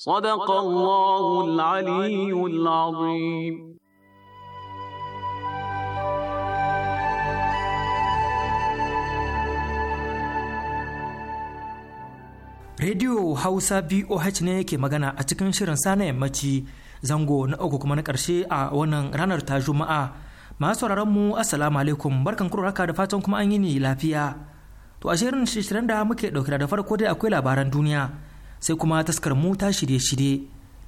صدق الله العلي العظيم Rediyo Hausa BOH ne yake magana a cikin shirin sana yammaci zango na uku kuma na ƙarshe a wannan ranar ta Juma'a. Masu mu Assalamu alaikum barkan kuraka da fatan kuma an yi ni lafiya. To a shirin shirin da muke ɗauke da farko dai akwai labaran duniya. sai kuma taskar mu ta shirye-shirye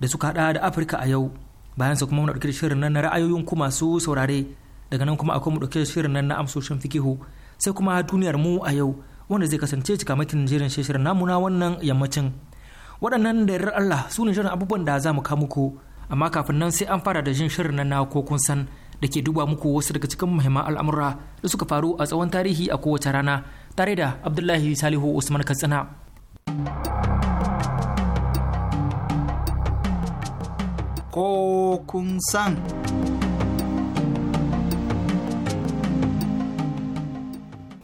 da suka hada da afirka a yau bayan sa kuma muna dauke da shirin nan na ra'ayoyin ku masu saurare daga nan kuma akwai mu dauke da shirin nan na amsoshin fikihu sai kuma duniyar mu a yau wanda zai kasance cikamakin jerin shirin namu na wannan yammacin waɗannan da yarar Allah su ne shirin abubuwan da za mu kawo muku amma kafin nan sai an fara da jin shirin nan na ko kun san da ke duba muku wasu daga cikin muhimman al'amura da suka faru a tsawon tarihi a kowace rana tare da Abdullahi Salihu Usman Katsina. ko kun san.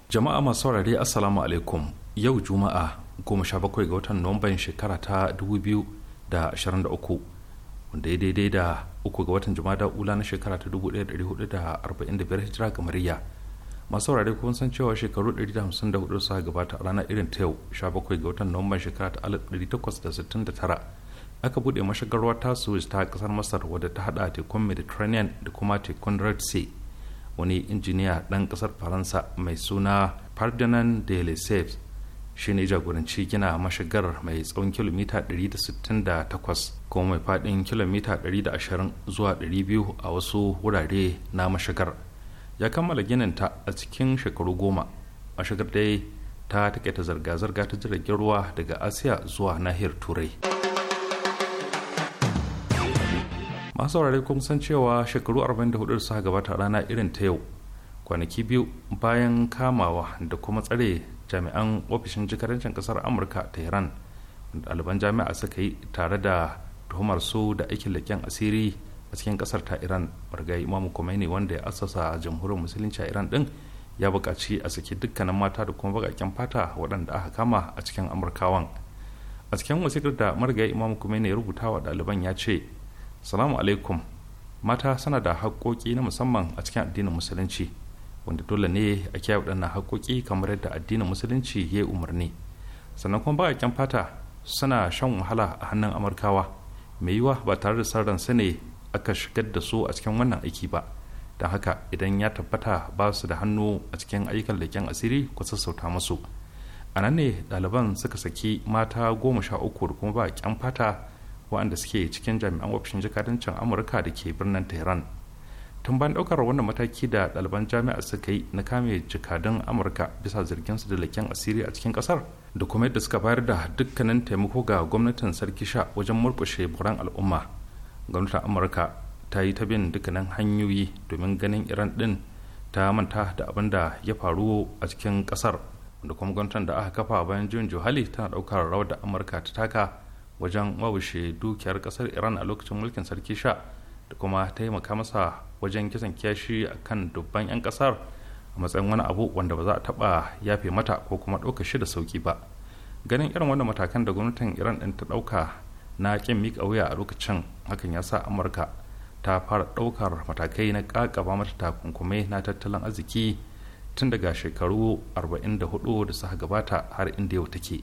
Jama'a masu saurare Assalamu alaikum yau Juma'a goma sha bakwai ga watan Nuwamban shekara ta dubu biyu da ashirin da uku wanda ya daidai da uku ga watan Jumada ula na shekara ta dubu ɗaya da hudu da arba'in da biyar hijira ga Mariya. Masu saurare kun san cewa shekaru ɗari da hamsin da hudu suka gabata a ranar irin ta yau sha bakwai ga watan Nuwamban shekara ta alif ɗari takwas da sittin da tara aka bude mashigar ta suez ta kasar masar wadda ta hada tekun mediterranean da kuma tekun red sea wani injiniya ɗan ƙasar faransa mai suna ferdinand de lesseps shi ne jagoranci gina mashigar mai tsawon kilomita 168 kuma mai fadin kilomita 120 zuwa 200 a wasu wurare na mashigar ya kammala ta a cikin shekaru goma mashigar dai ta taƙaita zirga-zirga ta jiragen ruwa daga asiya zuwa nahiyar turai masu saurari kun san cewa shekaru 44 da suka gabata rana irin ta yau kwanaki biyu bayan kamawa da kuma tsare jami'an ofishin jikarancin kasar amurka tehran ɗaliban jami'a suka yi tare da tuhumar su da aikin leƙen asiri a cikin kasar ta iran margai imamu kumaini wanda ya assasa jamhuriyar musulunci a iran din ya buƙaci a saki dukkanin mata da kuma baƙaƙen fata waɗanda aka kama a cikin amurkawan a cikin wasikar da margai imamu kumaini ya rubuta wa ɗaliban ya ce salamu alaikum mata suna da haƙoƙi na musamman a cikin addinin musulunci wanda dole ne a kiyaye waɗannan haƙoƙi kamar yadda addinin musulunci ya umarni sannan kuma baƙaƙen fata suna shan wahala a hannun amurkawa mai yiwa ba tare da san su ne aka shigar da su a cikin wannan aiki ba don haka idan ya tabbata ba su da hannu a cikin ayyukan leƙen asiri ku sassauta musu a nan ne ɗaliban suka saki mata goma sha uku da kuma baƙaƙen fata waɗanda suke cikin jami'an ofishin jakadancin amurka da ke birnin tehran tun bayan ɗaukar wannan mataki da ɗaliban jami'a suka yi na kame jakadun amurka bisa su da laken asiri a cikin ƙasar da kuma yadda suka bayar da dukkanin taimako ga gwamnatin sarki sha wajen murƙushe buran al'umma gwamnatin amurka ta yi ta bin dukkanin hanyoyi domin ganin iran ɗin ta manta da abin da ya faru a cikin ƙasar da kuma gwamnatin da aka kafa bayan juyin johali tana ɗaukar rawar da amurka ta taka wajen wawushe dukiyar kasar iran a lokacin mulkin sarki sha da kuma taimaka masa wajen kisan kyashi a kan dubban 'yan kasar a matsayin wani abu wanda ba za a taba yafe mata ko kuma ɗauka shi da sauki ba ganin irin wanda matakan da gwamnatin iran ɗin ta ɗauka na ƙin mika wuya a lokacin hakan ya sa amurka ta fara ɗaukar matakai na ƙaƙaba mata takunkumai na tattalin arziki tun daga shekaru 44 da suka gabata har inda yau take.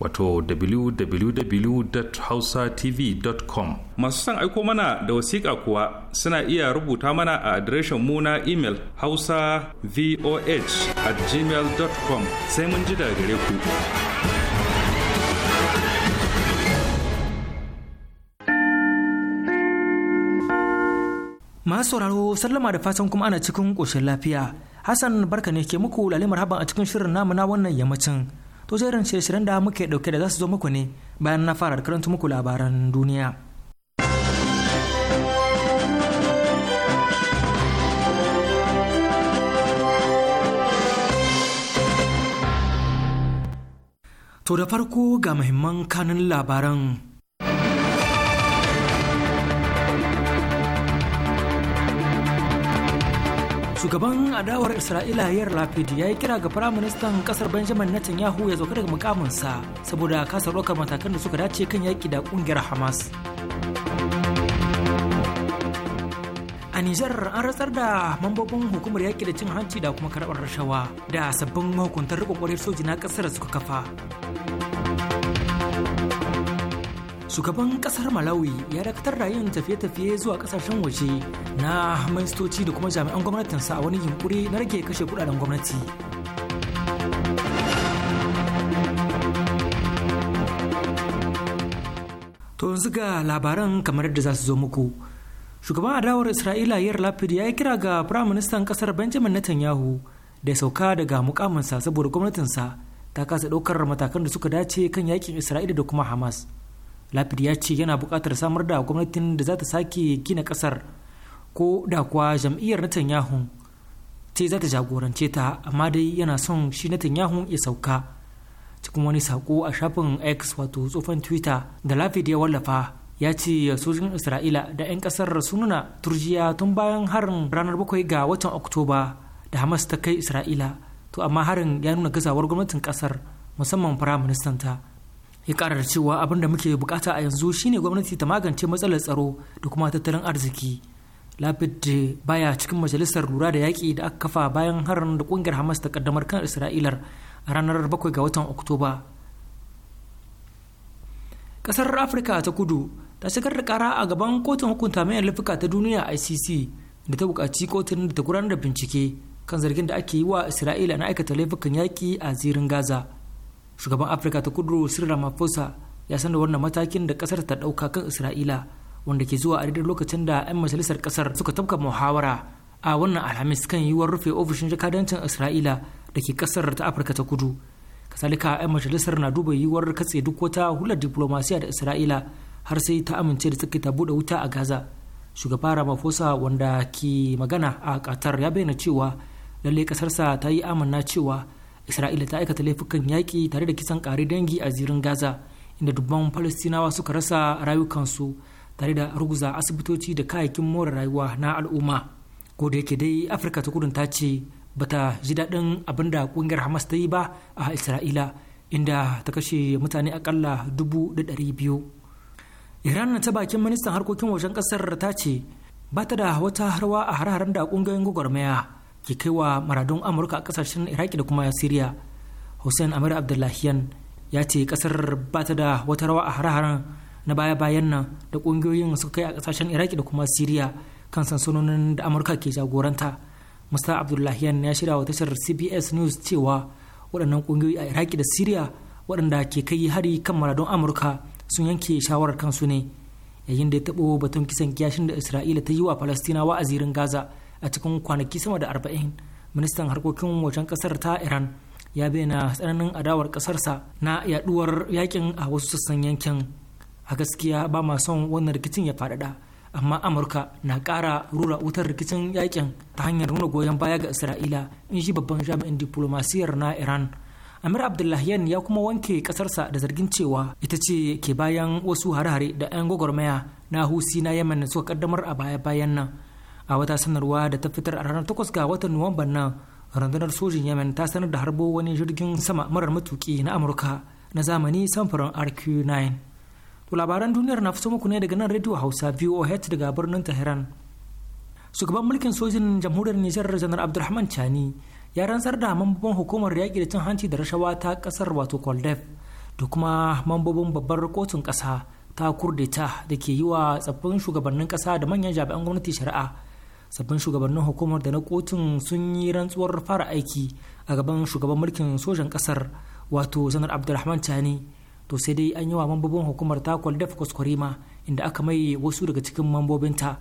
wato www.hausatv.com masu son aiko mana da wasiƙa kuwa suna iya rubuta mana a adireshin mu na imel hausa voh at gmail.com sai mun ji daga gare ku masu sauraro sallama da fatan kuma ana cikin ƙoshin lafiya hassan barka ne ke muku lalimar haban a cikin shirin namu wannan yammacin to jerin shirye-shiryen da muke dauke da za su zo muku ne bayan na fara karanta muku labaran duniya to da farko ga muhimman kanun labaran shugaban adawar isra'ila yar lapid ya yi kira ga firaministan kasar benjamin netanyahu ya sauka daga mukaminsa saboda kasar ɗaukar matakan da suka dace kan yaƙi da ƙungiyar hamas a nijar an ratsar da mambobin hukumar yaƙi da cin hanci da kuma karɓar rashawa da sabbin hukuntar rikon soji na ƙasar suka kafa shugaban kasar malawi ya dakatar da yin tafiye-tafiye zuwa kasashen waje na ministoci da kuma jami'an gwamnatinsa a wani yunkuri na rage kashe kudaden gwamnati to yanzu ga labaran kamar da za su zo muku shugaban adawar isra'ila yar lapid ya yi kira ga firaministan kasar benjamin netanyahu da ya sauka daga mukaminsa saboda gwamnatinsa ta kasa ɗaukar matakan da suka dace kan yakin isra'ila da kuma hamas lafid ya ce yana buƙatar samar da gwamnatin da za ta sake gina ƙasar ko da kuwa jam'iyyar netanyahu ce za ta jagorance ta amma dai yana son shi na netanyahu ya sauka cikin wani sako a shafin x wato tsofan twitter da lafid ya wallafa ya ce sojin isra'ila da 'yan kasar sun nuna turjiya tun bayan harin ranar 7 ga watan oktoba da hamas ta kai isra'ila to amma harin ya nuna gazawar gwamnatin kasar musamman firaministanta ta ya karar cewa abin da muke bukata a yanzu shine gwamnati ta magance matsalar tsaro da kuma tattalin arziki lafid da baya cikin majalisar lura da yaƙi da aka kafa bayan harin da ƙungiyar hamas ta kaddamar kan isra'ilar a ranar 7 ga watan oktoba ƙasar afirka ta kudu ta shigar da kara a gaban kotun hukunta mai laifuka ta duniya icc da ta bukaci kotun da ta gudanar da bincike kan zargin da ake yi wa isra'ila na aikata laifukan yaƙi a zirin gaza shugaban afirka ta kudu sir ramaphosa ya sanar wannan matakin da kasar ta dauka kan isra'ila wanda ke zuwa a daidai lokacin da 'yan majalisar kasar suka tabka muhawara a wannan alhamis kan yiwuwar rufe ofishin jakadancin isra'ila da ke kasar ta afirka ta kudu kasalika 'yan majalisar na duba yiwuwar katse duk wata hular diplomasiya da isra'ila har sai ta amince da take ta bude wuta a gaza shugaba ramaphosa wanda ke magana a qatar ya bayyana cewa lallai kasarsa ta yi amanna cewa isra'ila ta aikata laifukan yaƙi tare da kisan ƙari dangi a zirin gaza inda dubban falastinawa suka rasa rayukansu tare da ruguza asibitoci da kayayyakin more rayuwa na al'umma ko da yake dai afirka ta kudun ta ce bata ji daɗin abin da ƙungiyar hamas ta yi ba a isra'ila inda ta kashe mutane akalla dubu da ɗari biyu iran na ta bakin ministan harkokin wajen ƙasar ta ce ba ta da wata harwa a har-haren da ƙungiyoyin gwagwarmaya ke kai wa maradun amurka a kasashen iraki da kuma siriya hussein amir abdullahiyan ya ce kasar ba ta da wata rawa a hare-haren na baya-bayan nan da kungiyoyin suka kai a kasashen iraki da kuma siriya kan sansanonin da amurka ke jagoranta musta abdullahiyan ya shirya wa tashar cbs news cewa waɗannan kungiyoyi a iraki da siriya waɗanda ke kai hari kan maradun amurka sun yanke shawarar kansu ne yayin da ya taɓo batun kisan kiyashin da isra'ila ta yi wa falastinawa a zirin gaza a cikin kwanaki sama da arba'in ministan harkokin wajen kasar ta iran ya bayyana tsananin adawar kasarsa na yaduwar yakin a wasu sassan yankin a gaskiya ba ma son wannan rikicin ya faɗaɗa amma amurka na ƙara rura wutar rikicin yakin ta hanyar nuna goyon baya ga isra'ila in shi babban jami'in diplomasiyyar na iran amir abdullahiyan ya kuma wanke kasarsa da zargin cewa ita ce ke bayan wasu hare-hare da 'yan gwagwarmaya na husi na yemen suka kaddamar a baya-bayan nan a wata sanarwa da ta fitar a ranar 8 ga watan nuwamban nan rundunar sojin yemen ta sanar da harbo wani jirgin sama marar matuki na amurka na zamani samfurin rq9 to labaran duniyar na fito muku ne daga nan radio hausa voh daga birnin tehran shugaban mulkin sojin jamhuriyar nijar janar abdulrahman chani ya rantsar da mambobin hukumar yaƙi da cin hanci da rashawa ta ƙasar wato koldef da kuma mambobin babbar kotun ƙasa ta kurdeta da ke yi wa tsaffin shugabannin ƙasa da manyan jami'an gwamnati shari'a sabbin shugabannin hukumar da na kotun sun yi rantsuwar fara aiki a gaban shugaban mulkin sojan kasar wato zanar abdulrahman tani to sai dai an yi wa mambobin hukumar takwal def kwaskwarima inda aka mai wasu daga cikin mambobinta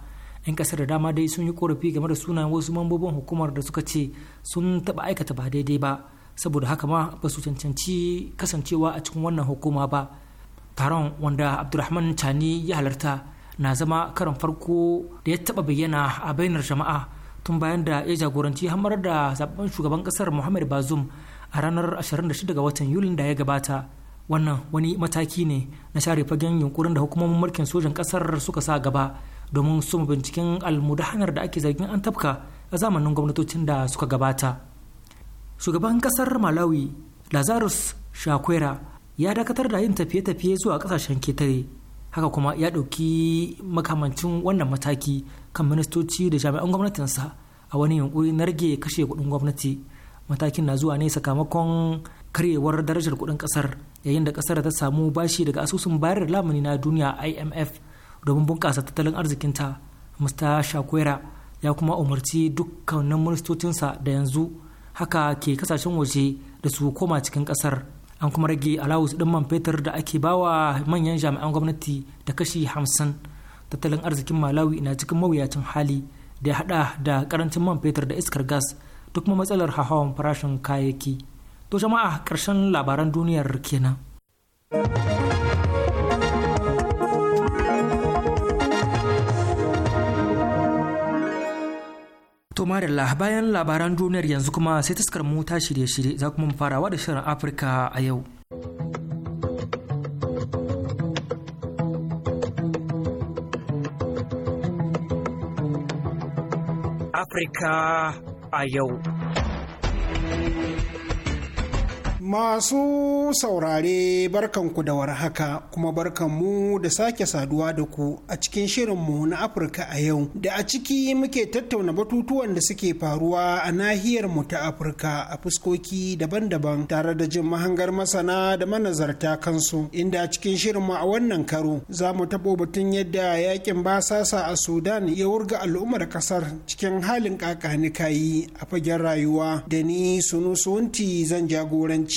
yan kasar da dama dai sun yi korafi game da sunayen wasu mambobin hukumar da suka ce sun taɓa aikata ba daidai ba saboda haka ma ba su cancanci kasancewa a cikin wannan hukuma ba taron wanda abdulrahman tani ya halarta na zama karin farko da ya taɓa bayyana a bainar jama'a tun bayan da ya jagoranci hamar da zaben shugaban kasar muhammad bazum a ranar 26 ga watan yulin da ya gabata wannan wani mataki ne na share fagen yunkurin da hukumomin mulkin sojan kasar suka sa gaba domin su binciken almudahanar da ake zargin an tafka a zamanin gwamnatocin da suka gabata shugaban kasar malawi lazarus shakwera ya dakatar da yin tafiye-tafiye zuwa kasashen ketare haka kuma ya ɗauki makamancin wannan mataki kan ministoci da jami'an gwamnatinsa a wani yunkuri na rage kashe kuɗin gwamnati matakin na zuwa ne sakamakon karyewar darajar kuɗin ƙasar yayin da ƙasar ta samu bashi daga asusun bayar da lamuni na duniya imf domin bunƙasa tattalin arzikinta mr shakwera ya kuma umarci dukkanin ministocinsa da yanzu haka ke kasashen waje da su koma cikin ƙasar an kuma rage alawus ɗin man fetur da ake bawa manyan jami'an gwamnati da kashi hamsin tattalin arzikin malawi na cikin mawuyacin hali da ya hada da karancin man fetur da iskar gas da kuma matsalar hawan farashin kayayyaki to jama'a ƙarshen labaran duniyar kenan To Marilla bayan labaran duniyar yanzu kuma sai taskar mota shirye-shirye za kuma farawa da shirin Afirka a yau. Afirka a yau. Masu saurare barkanku da warhaka kuma barkanmu da sake saduwa da ku a cikin shirinmu na Afirka a yau da a ciki muke tattauna batutuwan da suke faruwa a nahiyar mu ta Afirka a fuskoki daban-daban tare da jin mahangar masana da manazarta kansu inda a cikin shirinmu a wannan karo za mu tabo batun yadda yakin basasa a Sudan ya wurga al'ummar kasar cikin halin kakanikayi a fagen rayuwa da ni sunti zan jagoranci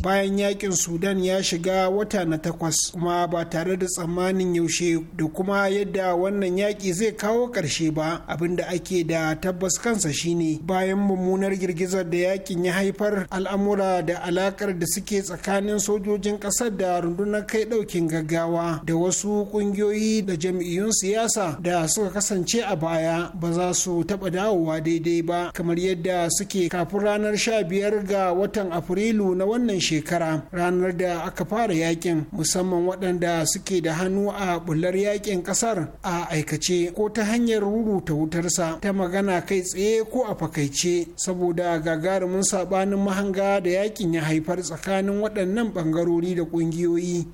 bayan yakin sudan ya shiga wata na takwas kuma ba tare da tsammanin yaushe da kuma yadda wannan yaƙi zai kawo ƙarshe ba abin da ake da tabbas kansa shine bayan mummunar girgizar da yakin ya haifar al'amura da alakar da suke tsakanin sojojin ƙasar da rundunar kai ɗaukin gaggawa da wasu ƙungiyoyi da jam'iyyun siyasa da suka kasance a baya ba za su taɓa dawowa daidai ba kamar yadda suke kafin ranar sha biyar ga watan afrilu na wannan shekara ranar da aka fara yakin musamman waɗanda suke da hannu a bular yakin ƙasar a aikace ko ta hanyar ruruta wutarsa ta magana kai tsaye ko a fakaice saboda gagarumin sabanin mahanga da yakin ya haifar tsakanin waɗannan ɓangarori da ƙungiyoyi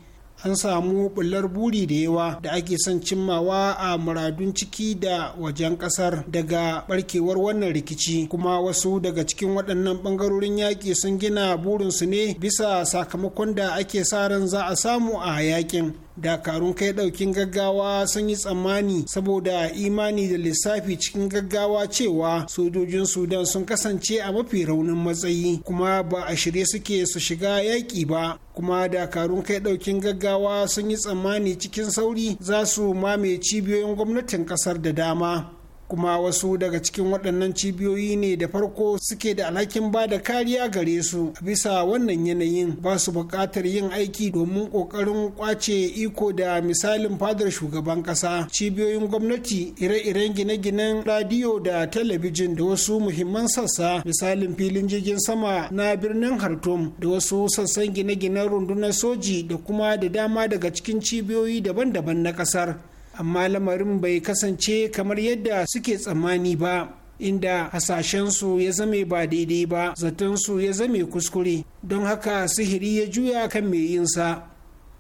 an samu bullar buri da yawa da ake son cimmawa a muradun ciki da wajen kasar daga barkewar wannan rikici kuma wasu daga cikin waɗannan ɓangarorin yaƙi sun gina burinsu ne bisa sakamakon da ake sa ran za a samu a yaƙin dakarun kai daukin gaggawa sun yi tsammani saboda imani da lissafi cikin gaggawa cewa sojojin sudan sun kasance a mafi raunin matsayi kuma ba a shirye suke su shiga yaƙi ba kuma dakarun kai daukin gaggawa sun yi tsammani cikin sauri za su mame cibiyoyin gwamnatin kasar da dama kuma wasu daga cikin waɗannan cibiyoyi ne da farko suke da alhakin ba da kariya gare su bisa wannan yanayin ba su buƙatar yin aiki domin ƙoƙarin ƙwace iko da misalin fadar shugaban ƙasa cibiyoyin gwamnati ire-iren gine-ginen radiyo da talabijin da wasu muhimman sassa misalin filin jirgin sama na birnin hartum da wasu sassan gine-ginen rundunar soji da kuma da dama daga cikin cibiyoyi daban-daban na ƙasar amma lamarin bai kasance kamar yadda suke tsammani ba inda hasashensu ya zame ba daidai ba zaton su ya zame kuskure don haka sihiri ya juya kan mai yinsa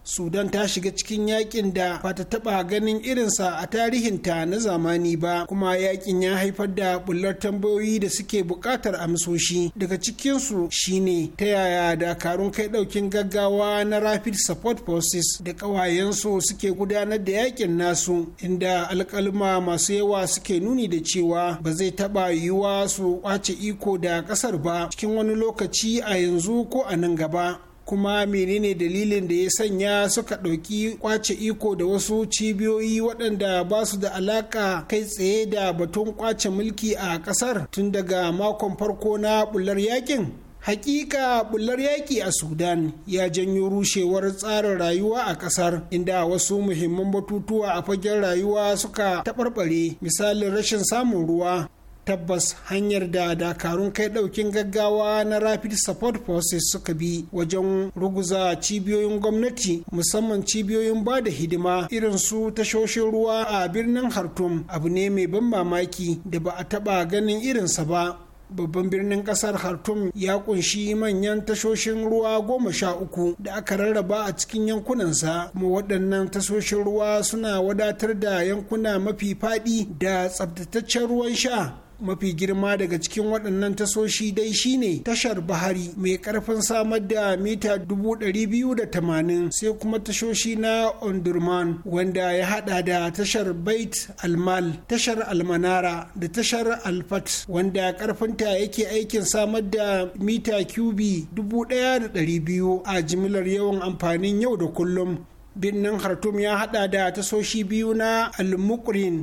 sudan ta shiga cikin yakin da ba ta taba ganin irinsa a tarihinta na zamani ba kuma yakin ya haifar da bullar tambayoyi da suke buƙatar amsoshi daga cikinsu shine ta yaya dakarun kai ɗaukin gaggawa na rapid support forces da ƙawayensu suke gudanar da yakin nasu inda alƙalma masu yawa suke nuni da cewa ba zai taba yiwuwa su kwace iko da ƙasar ba cikin wani lokaci a yanzu ko a nan gaba kuma menene dalilin da ya sanya suka ɗauki kwace iko da wasu cibiyoyi waɗanda ba su da alaka kai tsaye da batun kwace mulki a ƙasar tun daga makon farko na bular yakin hakika bullar yaƙi a sudan ya janyo rushewar tsarin rayuwa a ƙasar inda wasu muhimman batutuwa a fagen rayuwa suka taɓarɓare misalin rashin samun ruwa tabbas hanyar da dakarun kai daukin gaggawa na rapid support forces suka bi wajen ruguza cibiyoyin gwamnati musamman cibiyoyin ba da hidima irin su tashoshin ruwa a birnin hartum abu ne mai ban mamaki da ba a taba ganin irinsa ba babban birnin kasar hartum ya kunshi manyan tashoshin ruwa goma sha uku da aka rarraba a cikin yankunansa kuma waɗannan tashoshin ruwa suna wadatar da yankuna mafi faɗi da tsabtataccen ruwan sha mafi girma daga cikin waɗannan tasoshi dai shine tashar bahari mai ƙarfin samar da mita 280 sai kuma tashoshi na ondurman wanda ya haɗa da tashar bait almal tashar almanara da tashar alfat wanda ƙarfinta yake aikin samar da mita cubi 1,200 a jimilar yawan amfanin yau da kullum birnin Khartoum ya hada da tasoshi biyu na al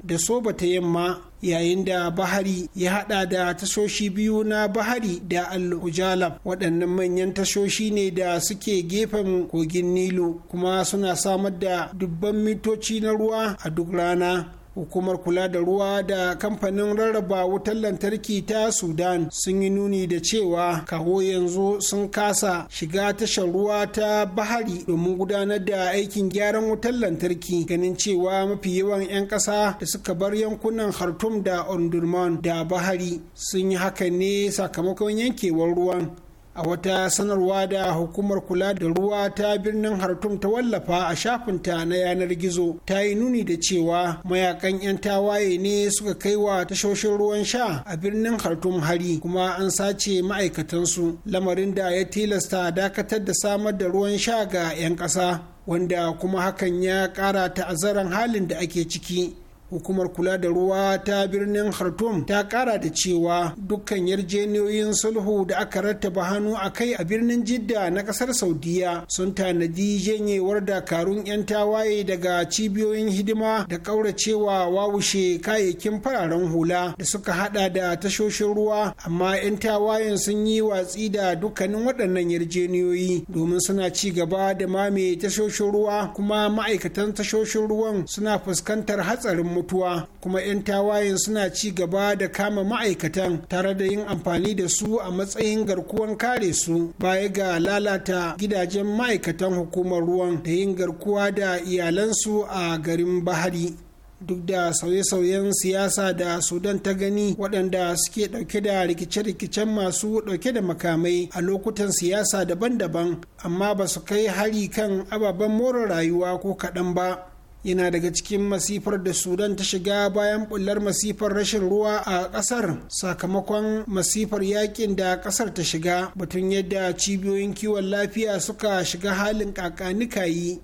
da Soba ta yamma yayin da bahari ya hada da tashoshi biyu na bahari da al-ujalab waɗannan manyan tashoshi ne da suke gefen kogin nilu kuma suna samar da dubban mitoci na ruwa a duk rana hukumar kula da ruwa da kamfanin rarraba wutar lantarki ta sudan sun yi nuni da cewa kawo yanzu sun kasa shiga tashar ruwa ta bahari domin gudanar da aikin gyaran wutar lantarki ganin cewa mafi yawan 'yan kasa da suka bar yankunan khartum da ondurman da bahari sun yi haka ne sakamakon yankewar ruwan a wata sanarwa da hukumar kula da ruwa ta birnin hartum ta wallafa a shafinta na yanar gizo ta yi nuni da cewa mayakan 'yan tawaye ne suka kai wa tashoshin ruwan sha a birnin hartum hari kuma an sace ma'aikatansu lamarin da ya tilasta dakatar da samar da ruwan sha ga 'yan ƙasa wanda kuma hakan ya ƙara ta'azzaran halin da ake ciki hukumar kula da ruwa ta birnin khartoum ta kara da cewa dukkan yarjejeniyoyin sulhu da aka rattaba hannu a kai a birnin jidda na kasar saudiya sun tanadi janyewar dakarun 'yan tawaye daga cibiyoyin hidima da kauracewa wawushe kayayyakin fararen hula da suka hada da tashoshin ruwa amma 'yan tawayen sun yi watsi da dukkanin waɗannan yarjejeniyoyi, domin suna ci gaba da mame tashoshin ruwa kuma ma'aikatan tashoshin ruwan suna fuskantar hatsarin mutuwa kuma 'yan tawayen suna ci gaba da kama ma'aikatan tare da yin amfani da su a matsayin garkuwan kare su baya ga lalata gidajen ma'aikatan hukumar ruwan da yin garkuwa da iyalansu a garin bahari duk da sauye-sauyen siyasa da sudan ta gani waɗanda suke ɗauke da rikice-rikicen masu ɗauke da makamai a lokutan siyasa daban-daban amma ba su kai hari kan ababen more rayuwa ko kaɗan ba yana daga cikin masifar da sudan ta shiga bayan bullar masifar rashin ruwa a kasar sakamakon masifar yakin da kasar ta shiga batun yadda cibiyoyin kiwon lafiya suka shiga halin kakanikayi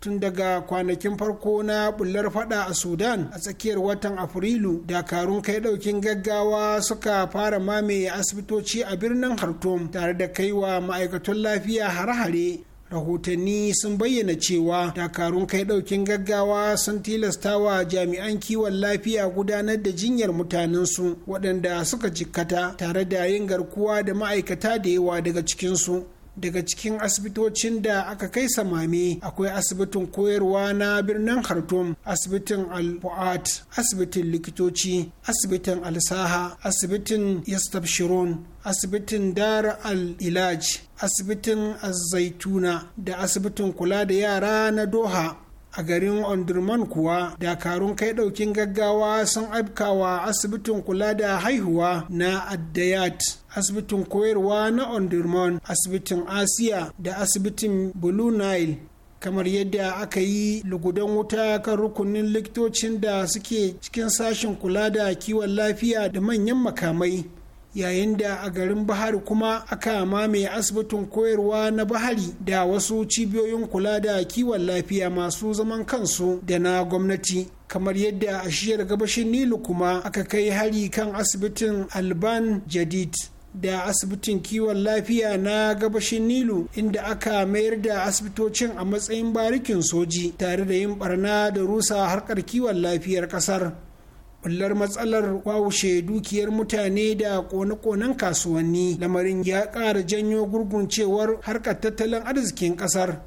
tun daga kwanakin farko na bullar fada a sudan a tsakiyar watan afrilu dakarun kai daukin gaggawa suka fara mamaye asibitoci a birnin hartum tare da kaiwa ma'aikatan lafiya har hare rahotanni sun bayyana cewa dakarun kai daukin gaggawa sun tilastawa jami'an kiwon lafiya gudanar da jinyar mutanensu waɗanda suka jikkata tare da yin garkuwa da ma'aikata da yawa daga cikinsu daga cikin asibitocin da aka kai samami, akwai asibitin koyarwa na birnin khartoum asibitin al-fu'at asibitin likitoci asibitin al-saha asibitin yastabshiron asibitin dar al-ilaj asibitin zaituna da asibitin kula da yara na doha a garin ondurman kuwa dakarun kai daukin gaggawa sun abkawa asibitin kula da haihuwa na addayat asibitin koyarwa na ondurman asibitin asiya da asibitin blue nile kamar yadda aka yi lugudan wuta kan rukunin likitocin da suke cikin sashen kula da kiwon lafiya da manyan makamai yayin da a garin bahari kuma aka mamaye asibitin koyarwa na bahari da wasu cibiyoyin kula da kiwon lafiya masu zaman kansu da na gwamnati kamar yadda a shiyar gabashin nilu kuma aka kai hari kan asibitin alban jadid da asibitin kiwon lafiya na gabashin nilu inda aka mayar da asibitocin a matsayin barikin soji tare da yin barna da rusa harkar kiwon lafiyar kasar ɓullar matsalar wawushe dukiyar mutane da kone-konen kasuwanni lamarin ya ƙara janyo gurguncewar harkar tattalin arzikin ƙasar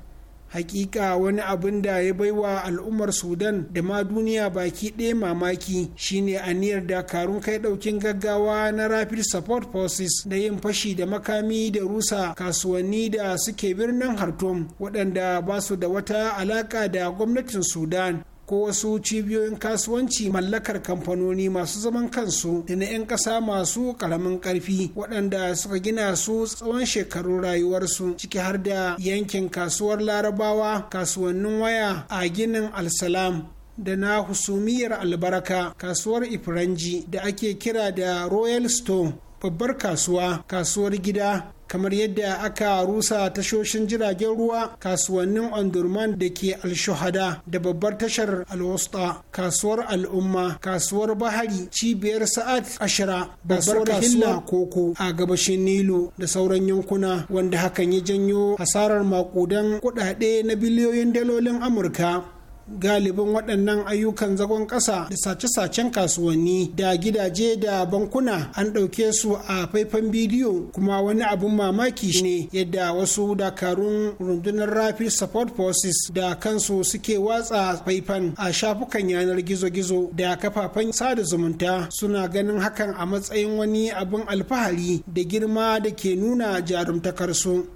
hakika wani abin da ya baiwa al'ummar sudan da ma duniya baki ɗaya mamaki shine aniyar dakarun kai ɗaukin gaggawa na rapid support forces da yin fashi da makami da rusa kasuwanni da suke birnin hartum waɗanda ba su da wata alaƙa da gwamnatin sudan ko wasu cibiyoyin kasuwanci mallakar kamfanoni masu zaman kansu da na 'yan ƙasa masu ƙaramin ƙarfi waɗanda suka gina su tsawon shekarun rayuwarsu ciki har da yankin kasuwar larabawa kasuwannin waya a ginin alsalam da na husumiyar albarka kasuwar ifiranji da ake kira da royal stone babbar kasuwa kasuwar gida kamar yadda aka rusa tashoshin jiragen ruwa kasuwannin ondurman da ke alshuhada da babbar tashar alwasta kasuwar al'umma kasuwar bahari cibiyar sa'ad ashira babbar kasuwa koko a gabashin nilo da sauran yankuna wanda hakan ya janyo hasarar makudan kudade na biliyoyin dalolin amurka galibin waɗannan ayyukan zagon ƙasa da sace-sacen kasuwanni da gidaje da bankuna an ɗauke su a faifan bidiyo kuma wani abin mamaki ne yadda wasu dakarun rundunar rapid support forces da kansu suke watsa faifan a shafukan yanar gizo-gizo da kafafen sada zumunta suna ganin hakan a matsayin wani abin alfahari da girma da ke nuna jarumtakarsu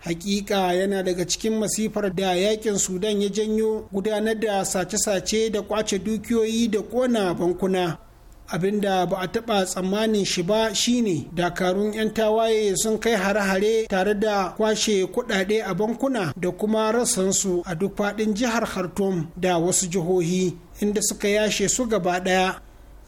hakika yana daga cikin masifar da yakin sudan ya janyo gudanar da sace-sace da kwace dukiyoyi da kona bankuna abinda ba a taɓa tsammanin shi ba shine dakarun 'yan tawaye sun kai hare-hare tare da kwashe kuɗaɗe a bankuna da kuma rasansu a duk faɗin jihar khartoum da wasu jihohi inda suka yashe su gaba ɗaya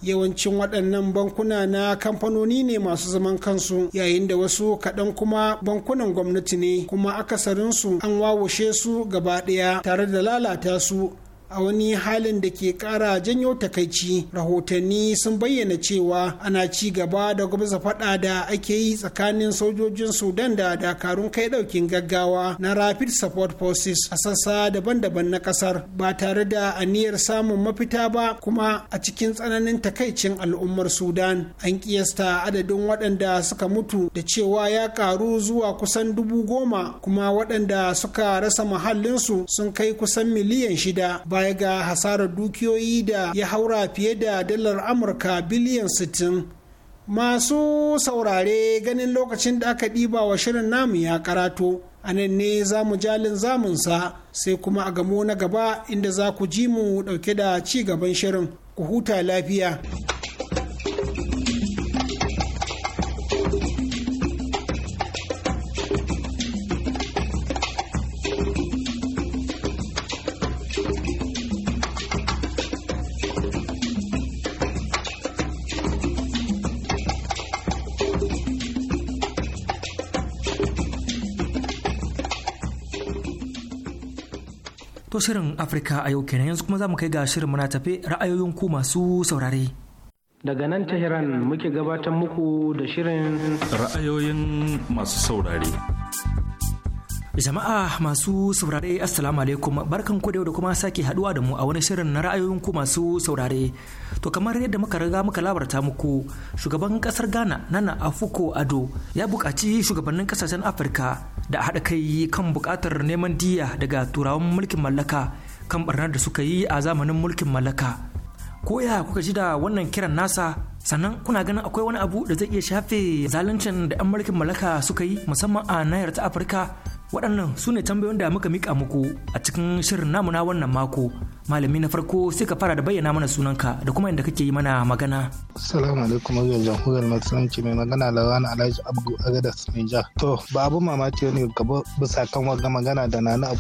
yawancin waɗannan bankuna na kamfanoni ne masu zaman kansu yayin da wasu kaɗan kuma bankunan gwamnati ne kuma akasarinsu an wawashe su gaba ɗaya tare da lalata su a wani halin da ke kara janyo takaici rahotanni sun bayyana cewa ana ci gaba da gwamnati faɗa da ake yi tsakanin sojojin sudan da dakarun kai ɗaukin gaggawa na rapid support forces a sassa daban-daban na ƙasar ba tare da aniyar samun mafita ba kuma a cikin tsananin takaicin al'ummar sudan an kiyasta adadin waɗanda suka mutu da cewa ya karu zuwa kusan dubu goma kuma waɗanda suka rasa muhallinsu sun kai kusan miliyan shida ba baya ga hasarar dukiyoyi da ya haura fiye da dalar amurka biliyan 60 masu saurare ganin lokacin da aka ɗiba wa shirin namu ya karato a nan ne za mu jalin zamunsa sai kuma a gamo na gaba inda za ku ji mu ɗauke da ci gaban shirin ku huta lafiya. shirin Afirka a yau kenan yanzu kuma za mu kai ga shirin muna tafe ra'ayoyin ku masu saurare. Daga nan Tehran muke gabatar muku da shirin ra'ayoyin masu saurare. Jama'a masu saurare Assalamu alaikum barkan ku da kuma sake haduwa da mu a wani shirin na ra'ayoyin ku masu saurare. To kamar yadda muka riga muka labarta muku shugaban kasar Ghana Nana Afuko Ado ya bukaci shugabannin kasashen Afirka da haɗa kai kan bukatar neman diya daga turawan mulkin mallaka kan barnar da suka yi a zamanin mulkin mallaka. ko ya kuka ji da wannan kiran nasa sannan kuna ganin akwai wani abu da zai iya shafe zaluncin da 'yan mulkin mallaka suka yi musamman a nahiyar ta afirka waɗannan su ne tambayoyin da muka mika muku a cikin shirin namu na wannan mako malami na farko sai ka fara da bayyana mana sunanka da kuma inda kake yi mana magana. Assalamu alaikum wa jamhuriyar Musulunci mai magana Lawan Alhaji Abdu Agadas Nija. To ba abu mamaki ne ga bisa kan wanga magana da Nana a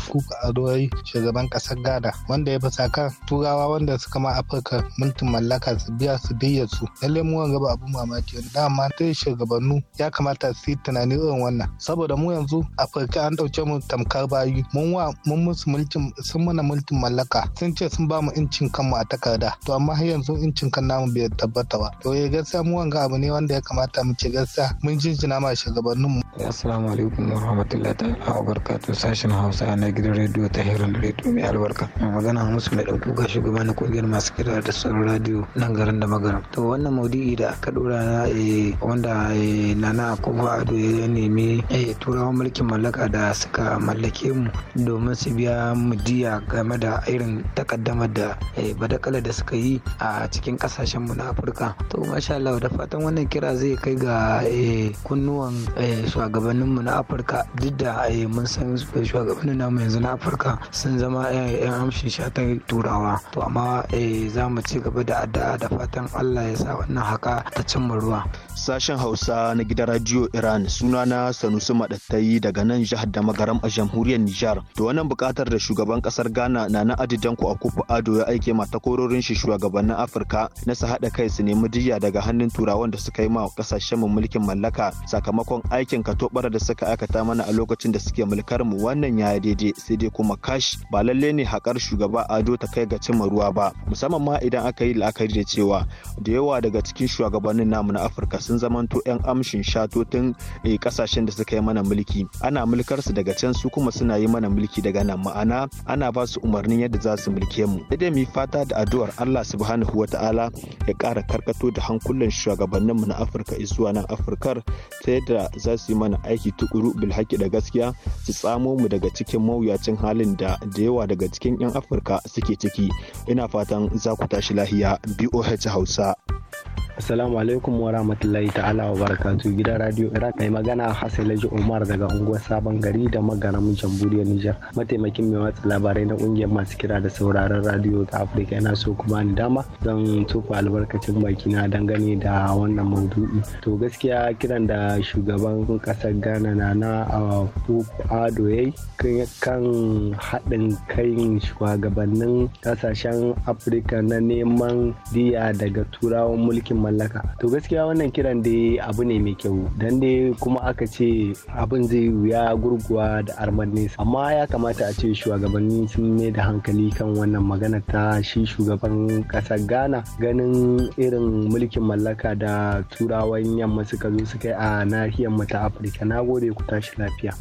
Adoyi shugaban kasar Ghana wanda ya bisa kan Turawa wanda suka ma Afirka mulkin mallaka su biya su diyyar su. Lallai mu wanga ba abu mamaki ne dama sai shugabannu ya kamata su yi tunani irin wannan saboda mu yanzu Afirka an dauke mu tamkar bayi mun wa mun musu mulkin sun mana mulkin mallaka sun ce sun bamu incin kanmu a takarda to amma har yanzu incin kan namu bai tabbata ba to ya eh, gaskiya mu wanga abu ne wanda ya kamata mu ce gaskiya mun jinjina ma mu assalamu alaikum wa rahmatullahi ta'ala wa barakatuh sashen Hausa na gidan rediyo ta hirar radio mai albarka magana musu mai dauko ga shugaban na kungiyar masu kira da sauran radiyo nan garin da magaram to wannan maudu'i da aka dora na eh, wanda eh, nana akufa ado ya nemi turawan mulkin mallaka da suka mallake mu domin su biya mu diya game da irin takaddamar da eh, badakala da suka yi a cikin kasashen mu na afirka to masha Allah da fatan wannan kira zai kai ga eh, kunnuwan eh, shugabannin mu na afirka duk da mun san shugabannin namu yanzu na afirka sun zama yan amshin shatan turawa to amma za mu ci gaba da addu'a da fatan Allah ya sa wannan haka ta cimma ruwa sashen hausa na gidan radio iran sunana sanusi madattai daga nan jihar da magaram a jamhuriyar nijar to wannan bukatar da shugaban kasar ghana na na adidan ku Akufu Ado ya aike ma takororin shi shugabannin Afirka na su haɗa kai su nemi jiya daga hannun turawan da suka yi ma kasashen mu mulkin mallaka sakamakon aikin katobara da suka aikata mana a lokacin da suke mulkar mu wannan ya daidai sai dai kuma kash ba lalle ne haƙar shugaba Ado ta kai ga cimma ruwa ba musamman ma idan aka yi la'akari da cewa da yawa daga cikin shugabannin namu na Afirka sun zamanto 'yan amshin shatotin kasashen eh, da suka yi mana mulki ana mulkar su daga can su kuma suna yi mana mulki daga nan ma'ana ana ba su umarnin yadda za su mulki mulke mu sai dai mu fata da addu'ar Allah subhanahu wa ta'ala ya kara karkato da hankulan shugabannin mu na Afirka zuwa nan Afirkar ta yadda za su yi mana aiki tukuru bil haki da gaskiya su tsamo mu daga cikin mawuyacin halin da da yawa daga cikin 'yan Afirka suke ciki ina fatan za ku tashi lahiya BOH Hausa. Assalamu alaikum wa rahmatullahi ta'ala wa barakatu gidan Radio Iraq mai magana Hassan Laji Umar daga unguwar Sabon Gari da magana mun Jamhuriyar Nijar mataimakin mai watsa labarai na kungiyar masu kira da sauraron radio ta Afirka yana so kuma ni dama zan tofa albarkacin baki na dangane da wannan maudu'i to gaskiya kiran da shugaban kasar Ghana na na Ado yayi kan haɗin kai shugabannin kasashen Afrika na neman diya daga turawan mulkin mallaka to gaskiya wannan kiran dai abu ne mai kyau dan dai kuma aka ce abin zai wuya gurguwa da armar nesa amma ya kamata a ce shugabanni sun mai da hankali kan wannan magana ta shi shugaban kasar ghana ganin irin mulkin mallaka da turawan yamma suka zo suka yi a nahiyar mu ta afirka na gode ku tashi lafiya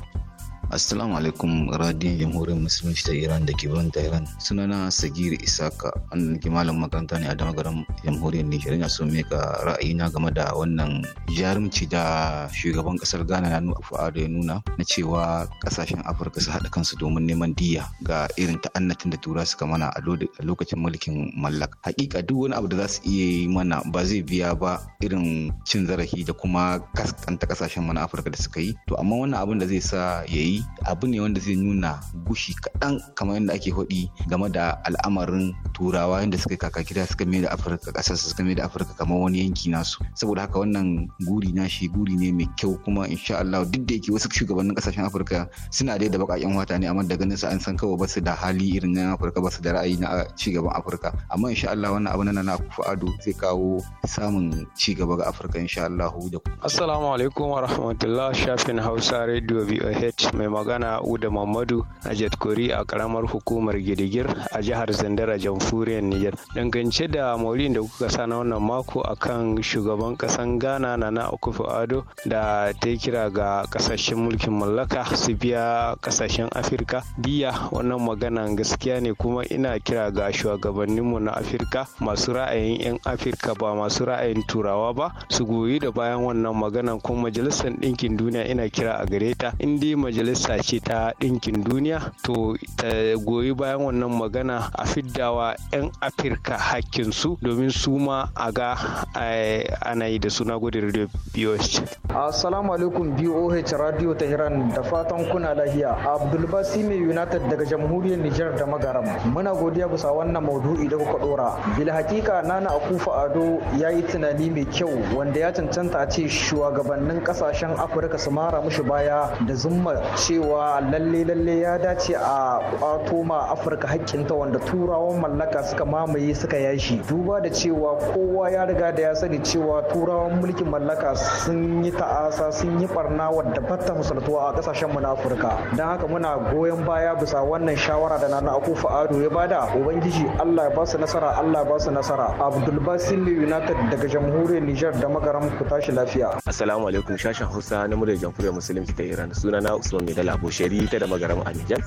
Assalamu alaikum radiyon jamhuriyar musulunci ta Iran da ke ban Iran. Sunana Sagiri Isaka, an nake malam makaranta ne a garin jamhuriyar Nijar. Ina so ra'ayi na game da wannan jarumci da shugaban kasar Ghana na akufo da ya nuna na cewa kasashen Afirka su haɗa kansu domin neman diya ga irin ta'annatin da tura suka mana a lokacin mulkin mallaka. Hakika duk wani abu da za su iya yi mana ba zai biya ba irin cin zarafi da kuma kaskanta kasashen mana Afirka da suka yi. To amma wannan abin da zai sa ya yi abu ne wanda zai nuna gushi kaɗan kamar yadda ake faɗi game da al'amarin turawa yadda suka kaka gida suka mai da afirka ƙasar su suka mai da afirka kamar wani yanki nasu saboda haka wannan guri na shi guri ne mai kyau kuma insha Allah duk da yake wasu shugabannin ƙasashen afirka suna dai da baƙaƙen wata ne amma da ganin an san kawai ba da hali irin na afirka ba da ra'ayi na cigaban afirka amma insha Allah wannan abu na na kufa ado zai kawo samun cigaba ga afirka insha Allah da assalamu alaikum wa rahmatullah shafin hausa radio voh mai magana Uda Mamadu a Jatkori a karamar hukumar Gidigir, a jihar Zandara jamhuriyar Nijar. Dangance da maulin da kuka sa na wannan mako akan shugaban kasan Ghana na Akufo Ado da ta kira ga kasashen mulkin mallaka su biya kasashen Afirka biya wannan magana gaskiya ne kuma ina kira ga shugabanninmu na Afirka masu ra'ayin 'yan Afirka ba masu ra'ayin Turawa ba su goyi da bayan wannan magana kuma majalisar ɗinkin duniya ina kira a gare in dai majalisar majalisa ta ɗinkin duniya to ta goyi bayan wannan magana a fiddawa 'yan afirka hakkinsu domin su ma a ga eh, ana yi da suna gudun radio BOH. Assalamu alaikum BOH Radio Tehran da fatan kuna lahiya. Abdulbasi mai United daga jamhuriyar niger da Magaram. Muna godiya bisa wannan maudu'i da kuka dora. Bil hakika Nana Akufa Ado ya yi tunani mai kyau wanda ya cancanta ce shugabannin kasashen Afirka su mara mushi baya da zumma cewa lalle lalle ya dace a kwato ma afirka haƙƙinta wanda turawan mallaka suka mamaye suka yashi duba da cewa kowa ya riga da ya sani cewa turawan mulkin mallaka sun yi ta'asa sun yi barna wadda batta musaltuwa a kasashen mu na afirka don haka muna goyon baya bisa wannan shawara da nana akufa ado ya bada ubangiji allah ya ba su nasara allah ya ba su nasara abdulbasir united daga jamhuriyar niger da magaram ku tashi lafiya assalamu alaikum shashan hausa na muryar jamhuriyar musulunci ta iran sunana usman mai dala bushari ta da magaram a nijar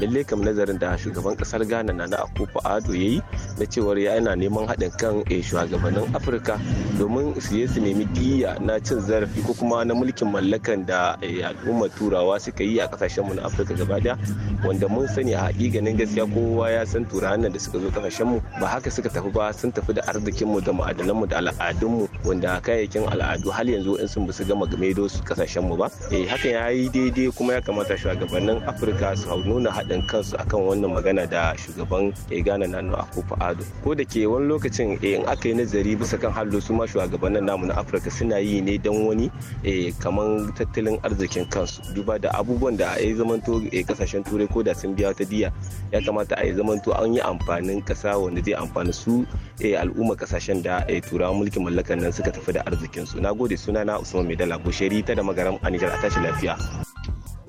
lalle kam nazarin da shugaban kasar ghana na na akufo ado ya yi na cewar yana neman haɗin kan eh, shugabannin afirka domin su su nemi diya na cin zarafi ko kuma na mulkin mallakan da eh, al'ummar turawa suka yi a kasashen mu na afirka gaba daya wanda mun sani a hakikanin gaskiya kowa ya san turawan nan da suka zo kasashen mu ba haka suka tafi ba sun tafi da arzikinmu da ma'adananmu da mu wanda kayayyakin al'adu har yanzu in sun basu gama game da su mu ba eh hakan ya yi daidai kuma ya kamata shugabannin afirka su hau nuna haɗin kansu akan wannan magana da shugaban ghana nuna akufo ado ko da ke wani lokacin eh, in aka yi nazari bisa kan hallo su ma shugabannin namu na afirka suna yi ne don wani eh, kamar tattalin arzikin kansu duba da abubuwan da a ya zamanto eh, kasashen turai ko da sun biya ta diya ya kamata a yi zamanto an yi amfanin kasa wanda zai amfani su al'umma kasashen da turawan mulkin mallakan nan suka tafi da arzikin su na gode sunana usman dala bushari ta da magaram a nijar a tashi lafiya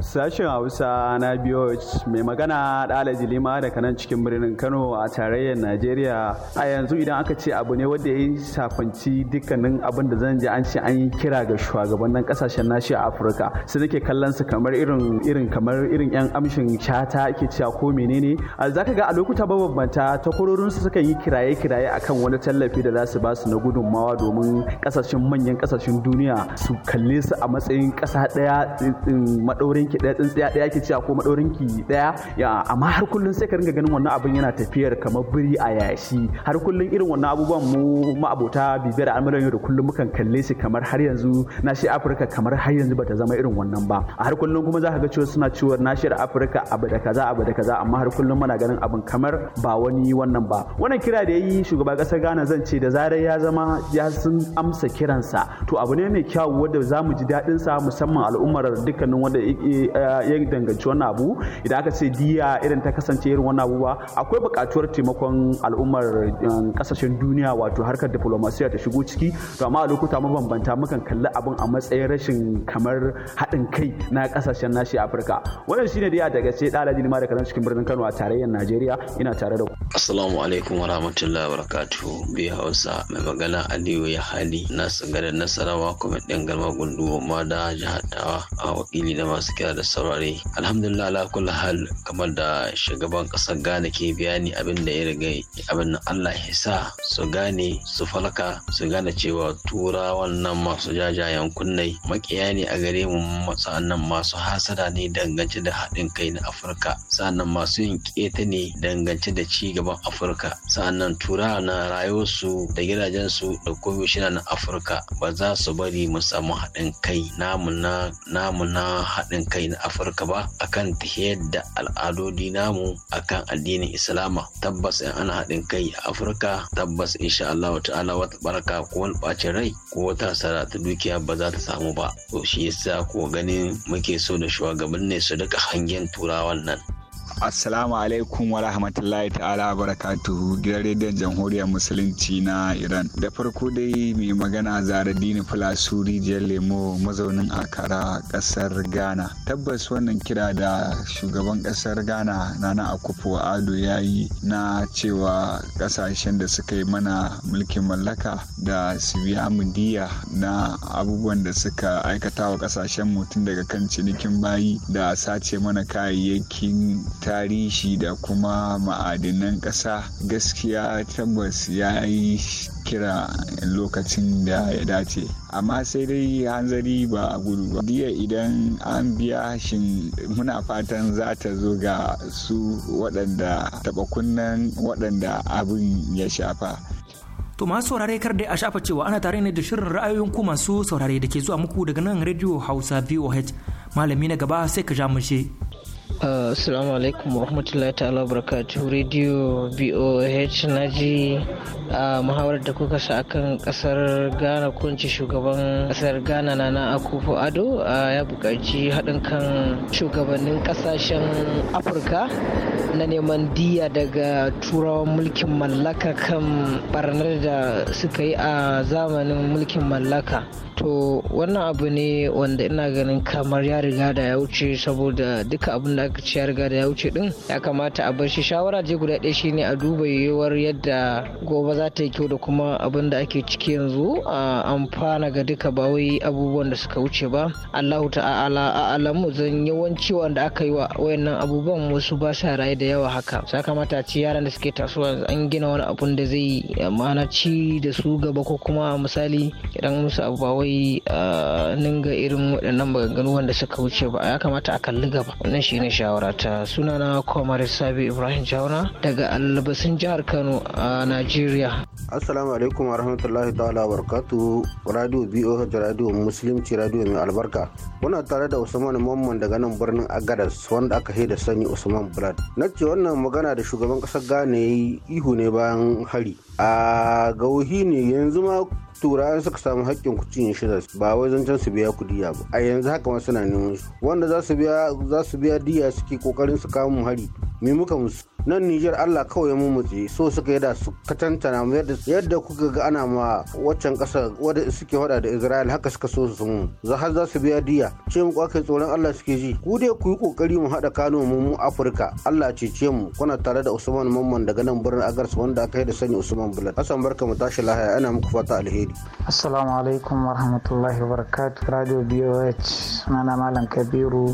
Sashen Hausa na biyo mai magana Dalaji Jilima daga nan cikin birnin Kano a tarayyar Najeriya. A yanzu idan aka ce abu ne wanda ya yi safanci dukkanin abin da zan ji an ce an yi kira ga shugabannin kasashen nashi a Afirka. Su nake kallon su kamar irin irin kamar irin yan amshin chata ake cewa ko menene. A zaka ga a lokuta mabambanta takwarorin su sukan yi kiraye-kiraye akan wani tallafi da za su ba su na gudunmawa domin kasashen manyan kasashen duniya su kalle su a matsayin kasa ɗaya maɗaurin ɗaya tsintsiya ɗaya ke cewa ko maɗaurin ki ɗaya ya amma har kullun sai ka ringa ganin wannan abin yana tafiyar kamar biri a yashi har kullun irin wannan abubuwan mu ma'abota bibiyar al'amuran yau da kullum mukan kalle shi kamar har yanzu nashi afirka kamar har yanzu bata zama irin wannan ba a har kullun kuma za ka ga cewa suna cewa nashiyar afirka abu da kaza abu da kaza amma har kullun muna ganin abin kamar ba wani wannan ba wannan kira da yayi shugaban ƙasar ghana zan ce da zarar ya zama ya sun amsa kiransa to abu ne mai kyau wanda za mu ji daɗinsa sa musamman al'ummar dukkanin wanda ya danganci wannan abu idan aka ce diya irin ta kasance irin wannan abubuwa akwai buƙatuwar taimakon al'ummar kasashen um, duniya wato harkar diplomasiya ta shigo ciki to amma a lokuta mabambanta mukan kalli abin a matsayin rashin kamar haɗin kai na kasashen nashi afirka wannan shine dai a daga ce ɗalaji ma da kanan cikin birnin kano a tarayyar najeriya ina tare da ku assalamu alaikum wa rahmatullahi wa barakatuhu bi hausa mai magana aliyu ya hali na tsangaren nasarawa kuma ɗin galma gundu ma da jihar tawa a wakili da masu kira da saurare alhamdulillah ala kulli hal kamar da shugaban kasar Ghana ke bayani abin da ya riga abin Allah ya sa su gane su falka su gane cewa tura wannan masu jajayen kunnai makiya ne a gare mu sa'annan masu hasada ne dangance da haɗin kai na Afirka sa'annan masu yin keta ne dangance da ci gaban Afirka sa'annan turawa na rayuwarsu da gidajensu da komai na Afirka ba za su bari mu samu haɗin kai namu na haɗin kai na afirka ba akan ta da al'adodi namu akan addinin islama tabbas in ana haɗin kai a afirka tabbas insha Allah ta'ala wata baraka ko wani ɓacin rai ko wata sara ta dukiya ba za ta samu ba to shi yasa ko ganin muke so da shugaban ne su duka hangen turawan nan Assalamu alaikum wa rahmatullahi ta'ala wa barakatuhu gidan rediyon jamhuriyar musulunci na Iran. Da farko dai mai magana zara dini filasuri jiyar lemo mazaunin akara kasar Ghana. Tabbas wannan kira da shugaban kasar Ghana Nana Akufo Ado ya yi na cewa kasashen da suka yi mana mulkin mallaka da su biya diya na abubuwan da suka aikata wa kasashen mutum daga kan cinikin bayi da sace mana kayayyakin tarihi da kuma ma'adinan ƙasa gaskiya tabbas ya yi kira lokacin da ya dace amma sai dai hanzari ba a gudu ba diya idan an biya shin muna fatan za ta zo ga su waɗanda taɓa kunnen waɗanda abin ya shafa To masu saurare kar dai a shafa cewa ana tare ne da shirin ra'ayoyin ku masu saurare da ke zuwa muku daga nan Radio Hausa VOH. Malami na gaba sai ka ja Uh, assalamu alaikum warahmatullahi ta'ala barakatuhu Radio BOH naji a uh, muhawarar da kuka sa akan kasar Ghana kunci shugaban kasar Ghana na Akufo Ado uh, ya buƙaci haɗin kan shugabannin ƙasashen Afirka na neman diya daga turawan mulkin mallaka kan barnar da suka yi a zamanin mulkin mallaka. to wannan abu ne wanda ina ganin kamar ya riga da ya wuce saboda duka abin da aka ce ya riga da ya wuce din ya kamata a bar shi shawara je guda ɗaya shine a duba yiwuwar yadda gobe za ta yi kyau da kuma abin da ake ciki yanzu a amfana ga duka ba wai abubuwan da suka wuce ba allahu ta'ala a alamu zan yawanci wanda aka yi wa wayannan abubuwan wasu ba sa raye da yawa haka kamata a ci yaran da suke tasowa an gina wani abun da zai ma'ana ci da su gaba ko kuma misali idan musu abu ba akwai ah, ninga irin waɗannan maganganu wanda suka wuce ba ya kamata a kalli gaba wannan ne shawara ta sunana kwamar sabi ibrahim jauna daga albasin jihar kano a najeriya assalamu alaikum wa rahmatullahi ta'ala barkatu radio boh radio musulunci radio mai albarka muna tare da usman mamman daga nan birnin agadas wanda aka haida sani usman blad na ce wannan magana da shugaban kasar gane ihu ne bayan hari a gauhi ne yanzu ma tura an suka samu haƙƙin ku cinye shi ba wai zancen su biya ku diya ba a yanzu haka ma suna neman su wanda za su biya diya suke kokarin su kawo mu hari mai muka musu nan Nijar Allah kawai mu mutse so suka yi su katantana mu. yadda kuka ga ana ma waccan kasa wadda suke hada da Israel haka suka so su mu za har za su biya diya ce mu kwakai tsoron Allah suke ji ku dai ku yi kokari mu hada Kano mu mu Afirka Allah ce mu kuna tare da Usman Mamman daga nan birnin Agars wanda aka yi da sani Usman Bulat Hassan barka mu tashi lahaya ana muku fata alheri alheri assalamu alaikum warahmatullahi wabarakatuh radio boh sunana malam kabiru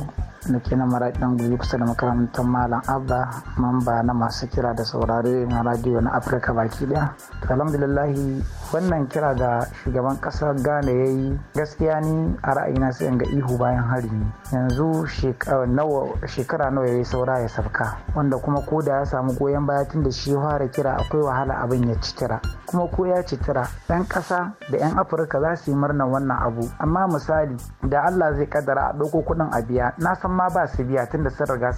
na ke na maraƙin guri kusa da makarantar malam abba mamba na masu kira da saurari na radio na afirka baki ɗaya alhamdulillahi wannan kira da shugaban kasar ghana ya yi gaskiya ni a ra'ayina sai ga ihu bayan hari ne yanzu shekara nawa ya yi saura ya safka wanda kuma ko da ya samu goyon baya tun da shi fara kira akwai wahala abin ya citira. kuma ko ya citira, tira yan ƙasa da yan afirka za su yi murnar wannan abu amma misali da allah zai kaddara a ɗauko kuɗin a biya na san ma ba su biya tun da sun riga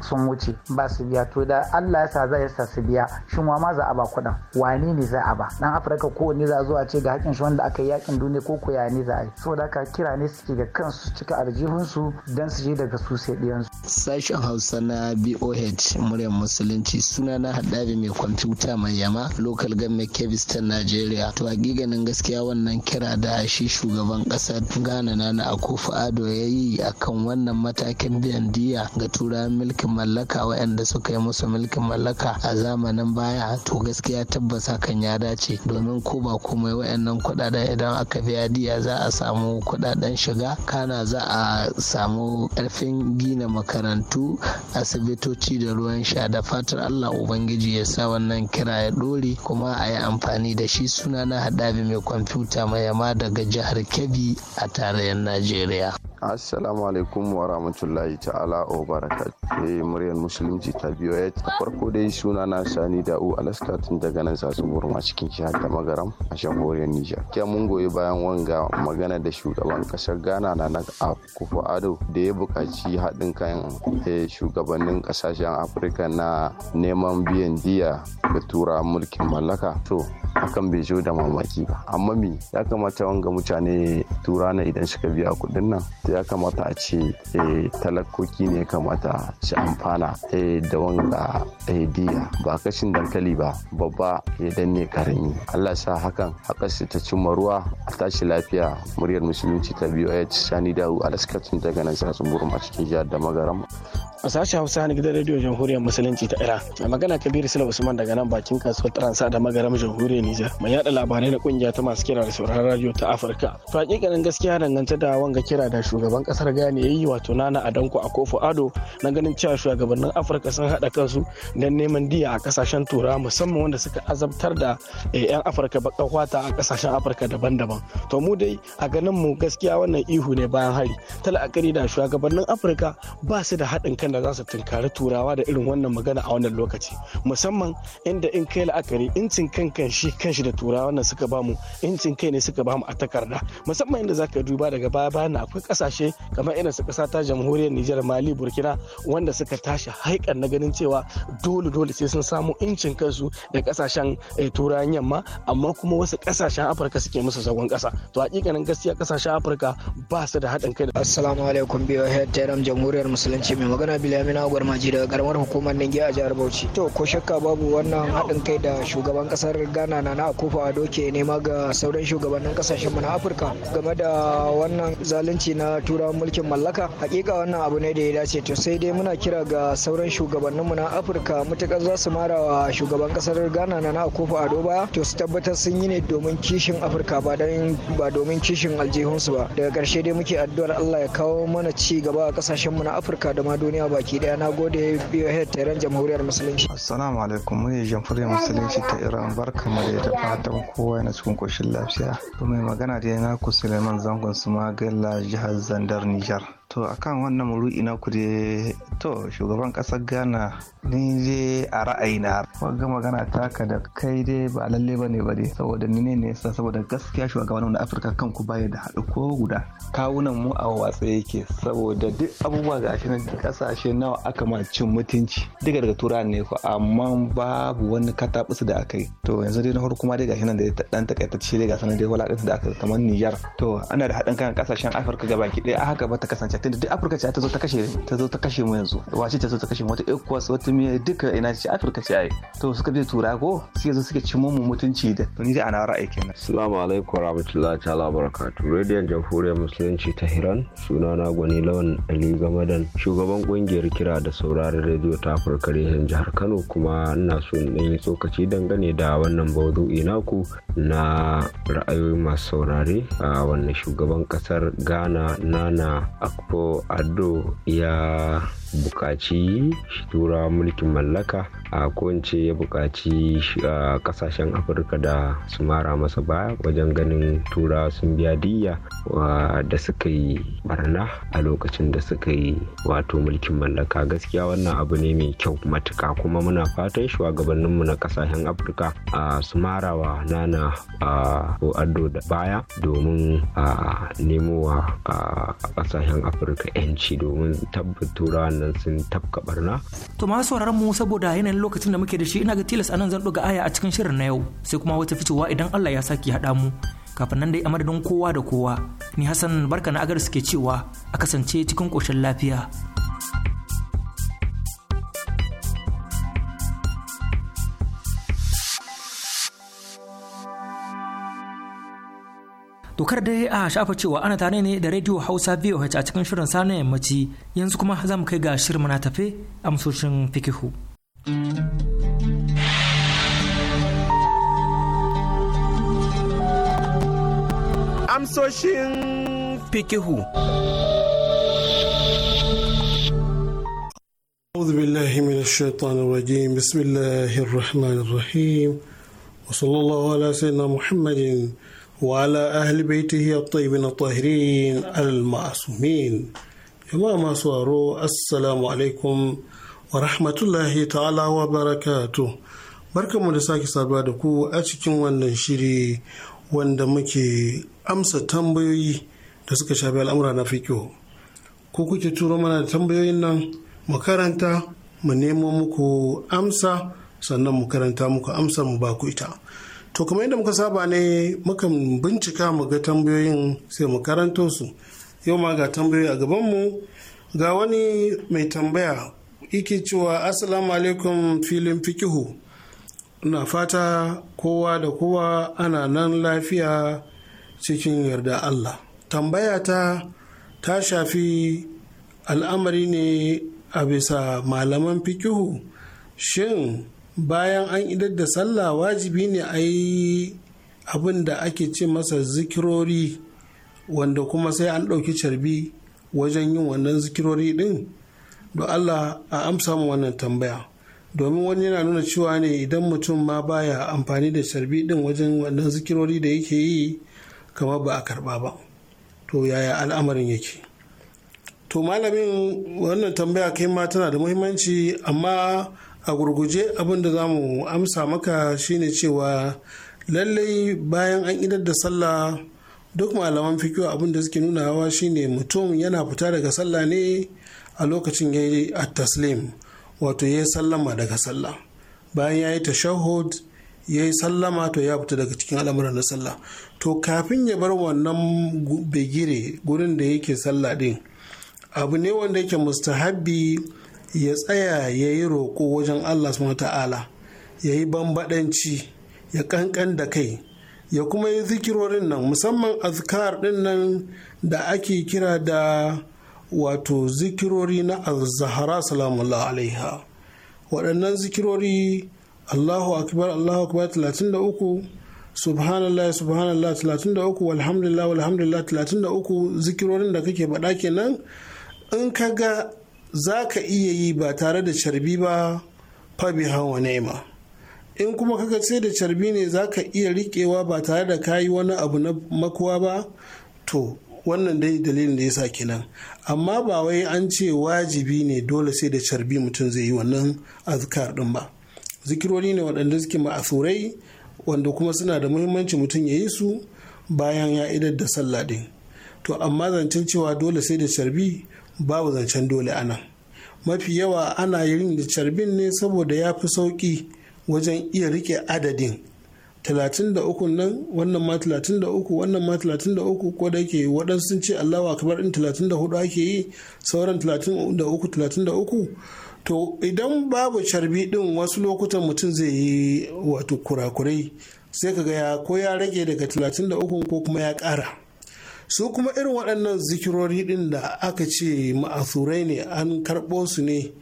sun wuce ba su biya to da allah ya sa za ya sa su biya shin wa ma za a ba kuɗin wane ne za a ba dan afirka ko kowanne za zuwa ce ga hakin shi wanda aka yi yakin duniya ko koya ne za a yi saboda haka kira ne suke da kansu cika arjihunsu don su je daga su sai ɗiyansu. sashen hausa na boh muryar musulunci suna na haɗari mai kwamfuta mai yama local government kebistan nigeria to hakikanin gaskiya wannan kira da shi shugaban ƙasar ghana na akufu ado ya yi akan wannan matakin biyan diya ga tura mulkin mallaka waɗanda suka yi musu mulkin mallaka a zamanin baya to gaskiya tabbas hakan ya dace domin ko ko ba komai wayannan kudaden idan aka biya diya za a samu kudaden shiga kana za a samu karfin gina makarantu asibitoci da ruwan sha da fatar allah ubangiji ya sa wannan kira ya dore kuma a yi amfani da shi suna na haɗabi mai kwamfuta mai yama daga jihar kebbi a tarayyar najeriya assalamu alaikum wa rahmatullahi ta'ala wa baraka eh muryar musulunci ta biyo ya farko dai suna na sani U alaska tun daga nan sasu burma cikin jihar ta magaram a shahoriyar nijar kya mun goyi bayan wanga magana da shugaban kasar ghana na na kufu ado da ya buƙaci haɗin kan eh, shugabannin ƙasashen afirka na neman biyan diya ga tura mulkin mallaka to hakan bai zo da mamaki ba amma me ya kamata wanga mutane tura na idan suka biya kuɗin nan ya kamata a ce eh, talakoki ne ya kamata ci amfana eh, da wanga eh, diya ba kashin dankali ba babba ya danne karami allah sa hakan hakasu ta cimma ruwa a tashi lafiya muryar musulunci ta biyu a sani dawo a laskacin daga nan tsatsun burma a cikin jihar da magaram a sashen hausa na gidan rediyo jamhuriyar musulunci ta ira a magana kabiru sila usman daga nan bakin kasuwar transa da magaram jamhuriyar nijar mai yada labarai na kungiya ta masu kira da sauraron radio ta afirka to hakikanin gaskiya dangance da wanga kira da shu. shugaban kasar ya yayi wato Nana Adanko kofo Ado na ganin cewa shugabannin Afirka sun haɗa kansu don neman diya a kasashen Turawa musamman wanda suka azabtar da eh, 'yan Afirka baka kwata a kasashen Afirka daban-daban. To mu dai a ganin mu gaskiya wannan ihu ne bayan hari. Talakari da shugabannin Afirka ba su da haɗin kan da za su tunkari Turawa da irin wannan magana a wannan lokaci. Musamman inda in kai la'akari incin kan kan shi kanshi da Turawa wannan suka bamu incin kai ne suka bamu a takarda. Musamman inda zaka duba daga baya bayan akwai kasashe kasashe kamar irin su ƙasa ta jamhuriyar Nijar Mali Burkina wanda suka tashi haikan na ganin cewa dole dole sai sun samu incin kansu da kasashen eh, turayen yamma amma kuma wasu kasashen Afirka suke musu zagon ƙasa to hakikanin gaskiya kasashen Afirka ba su da haɗin kai da Assalamu alaikum biyo Tehran jamhuriyar musulunci mai magana Bilamina Gwarmaji daga karamar hukumar Ningiya a jihar Bauchi to ko shakka babu wannan haɗin kai da shugaban ƙasar Ghana na na Akufo-Addo ke nema ga sauran shugabannin kasashen mu na Afirka game da wannan zalunci na da turawan mulkin mallaka hakika wannan abu ne da ya dace to sai dai muna kira ga sauran mu na afirka mutakar za su mara wa shugaban kasar ghana na na akofo ado baya to su tabbatar sun yi ne domin kishin afirka ba ba domin kishin aljihunsu ba daga karshe dai muke addu'ar allah ya kawo mana ci gaba a kasashen mu na afirka da ma duniya baki daya na gode biyo head taron jamhuriyar musulunci assalamu alaikum ne jamhuriyar musulunci ta iran barka mu da fatan kowa yana cikin koshin lafiya to magana da na ku suleiman zangon su magalla jihar zanzandar Nijar to akan wannan muru'i na kudi to shugaban kasar ghana ni je a ra'ayina wanga magana taka da kai dai ba lalle ba ne ba dai saboda ni ne nesa, saboda gaskiya shugaban na afirka kanku baya da haɗu ko guda kawunan mu a watsa yake saboda duk abubuwa ga shi nan kasashe nawa aka ma cin mutunci Diga daga tura ne ko amma babu wani katabusu da aka yi to yanzu dai na farko ma dai ga shi nan da dan takaitacce dai ga sanar dai wala da aka kamar niger to ana da haɗin kan kasashen afirka gabaki ɗaya a haka ba ta kasance tunda duk afirka ce ta zo ta kashe ta zo ta kashe mu yanzu wace ta zo ta kashe mu wata ecowas wata me duka ina ce afirka ce ai to suka bi tura ko sai zo suke cimo mu mutunci da to ni da ana ra'ayi kenan assalamu alaikum warahmatullahi ta'ala barakatuh radio jamhuriyar musulunci ta hiran sunana gwani lawan ali gamadan shugaban kungiyar kira da sauraron rediyo ta afirka reshen jihar kano kuma ina so in yi tsokaci dangane da wannan ina naku na ra'ayoyin masu saurare a wannan shugaban kasar ghana nana ko ado ya bukaci tura mulkin mallaka a kowace ya bukaci kasashen afirka da su mara masa baya wajen ganin tura sun biya diya da suka yi barna a lokacin da suka yi wato mulkin mallaka gaskiya wannan abu ne mai kyau matuka kuma muna fatan shugabanninmu na kasashen afirka su mara wa nana ko ado da baya domin a nemowa kasashen afirka afirka yanci domin tabbat turawan nan sun tafka barna to ma sauraron mu saboda yanayin lokacin da muke da shi ina ga tilas anan zan ɗoga aya a cikin shirin na yau sai kuma wata ficewa idan allah ya saki haɗa mu kafin nan dai a madadin kowa da kowa ni hassan barka na agar suke cewa a kasance cikin ƙoshin lafiya Dokar dai a shafa cewa ana tare ne da Radio Hausa VOH a cikin shirin sa na yammaci yanzu kuma za mu kai ga shirin mana tafe amsoshin fikihu. Amsoshin fikihu. أعوذ بالله من الشيطان الرجيم بسم الله الرحمن الرحيم وصلى الله على سيدنا محمد وعلى أهل بيته الطيبين الطاهرين المعصومين jama'a masu waro assalamu alaikum wa rahmatullahi ta'ala wa barakatu barkanmu da sake saduwa da ku a cikin wannan shiri wanda muke amsa tambayoyi da suka shafi al'amura na fikiyo ko kuke turo mana da tambayoyin nan mu karanta mu nemo muku amsa sannan mu karanta muku amsa mu ba ku ita To kuma yadda muka saba ne mukan bincika mu ga tambayoyin sai mu karanto su. Yau ma ga tambayoyi a gabanmu ga wani mai tambaya yake cewa Assalamu alaikum filin fikihu. Na fata kowa da kowa ana nan lafiya cikin yarda Allah. Tambaya ta ta shafi al'amari ne a bisa malaman fikihu. Shin bayan an idar da sallah wajibi ne a yi abin da ake ce masa zikirori wanda kuma sai an ɗauki carbi wajen yin wannan zikirori ɗin da Allah a amsa mu wannan tambaya domin wani yana nuna cewa ne idan mutum ma baya amfani da carbi ɗin wajen wannan zikirori da yake yi kama ba a karɓa ba to yaya al'amarin yake to malamin wannan tambaya kai ma tana da muhimmanci amma a gurguje abin da za mu amsa maka shine cewa lallai bayan an idar da sallah duk malaman fikiyo abin da suke nunawa shine mutum yana fita daga sallah ne a lokacin ya yi taslim wato ya yi sallama daga sallah bayan ya yi tashahud ya yi sallama to ya fita daga cikin al'amuran na sallah to kafin ya bar wannan begire gurin da yake sallah din abu ne wanda yake mustahabbi ya tsaya ya yi roƙo wajen allah subhanahu ta'ala ya yi bambaɗanci ya ƙanƙan da kai ya kuma yi zikirorin nan musamman azkar ɗin nan da ake kira da wato zikirori na azahara Salamu alaiha waɗannan zikirori allahu akbar allahu akbar 33 subhanallah subhanallah 33 walhamdulillah walhamdulillah 33 zikirorin da kake faɗa kenan in ka ga za ka iya yi ba tare da carbi ba fabi hawa nema in kuma kaka ce da carbi ne za ka iya riƙewa ba tare da kayi wani abu na makuwa ba to wannan dai dalilin da ya sa kenan amma ba wai an ce wajibi ne dole sai da carbi mutum zai yi wannan azkar din ba zikirori ne waɗanda suke ma'asurai wanda kuma suna da muhimmanci mutum ya yi su bayan ya idar da sallah din to amma zancen cewa dole sai da carbi babu zancen dole ana mafi yawa ana yin da carbin ne saboda ya fi sauki wajen iya rike adadin 33 nan wannan ma 33 wannan ma 33 ko da ke waɗansu sun ce allawa kamar in 34 ake yi sauran 33 33 to idan babu carbi din wasu lokutan mutum zai yi wato kurakurai sai kaga ya ko ya rage daga 33 ko kuma ya ƙara su kuma irin waɗannan zikirori ɗin da aka ce ma'asurai ne an karɓo su ne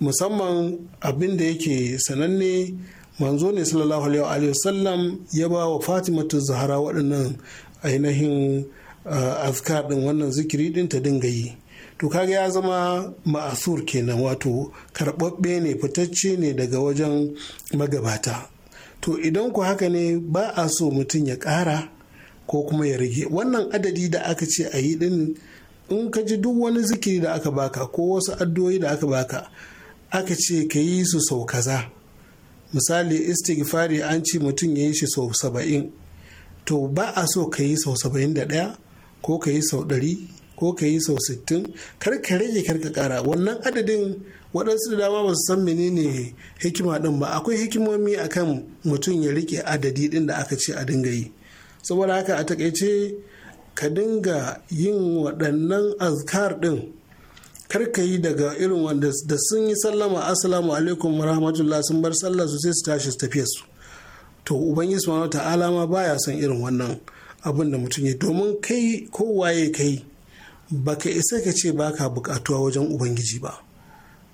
musamman abin da yake sananne manzo ne sallallahu alaihi wasallam ya ba wa Fatima ta zahara waɗannan ainihin ah, azkar ɗin wannan zikiri ɗin ta dinga yi to kaga ya zama ma'asur kenan wato karɓaɓɓe ne fitacce ne daga wajen magabata to idan ku haka ne ba a so mutum ya ƙara ko kuma ya rage wannan adadi da aka ce a yi din in ka ji duk wani zikiri da aka baka ko wasu addu'o'i da aka baka aka ce ka yi su sau kaza misali istighfari an ce mutum ya yi shi sau saba'in to ba a so ka yi sau saba'in da ɗaya ko ka yi sau ɗari ko ka yi sau sittin kar ka rage karka kara ƙara wannan adadin waɗansu da dama ba su san menene hikima ɗin ba akwai hikimomi akan mutum ya rike adadi ɗin da aka ce a dinga yi saboda haka a takaice ka dinga yin waɗannan azkar ɗin karka yi daga irin wanda da sun yi sallama assalamu alaikum wa rahmatullah sun bar sallah su sai su tashi su tafiya su to ubangiji subhanahu ta'ala ma baya son irin wannan abin da mutum ya domin kai kowaye kai baka isa ka ce baka bukatuwa wajen ubangiji ba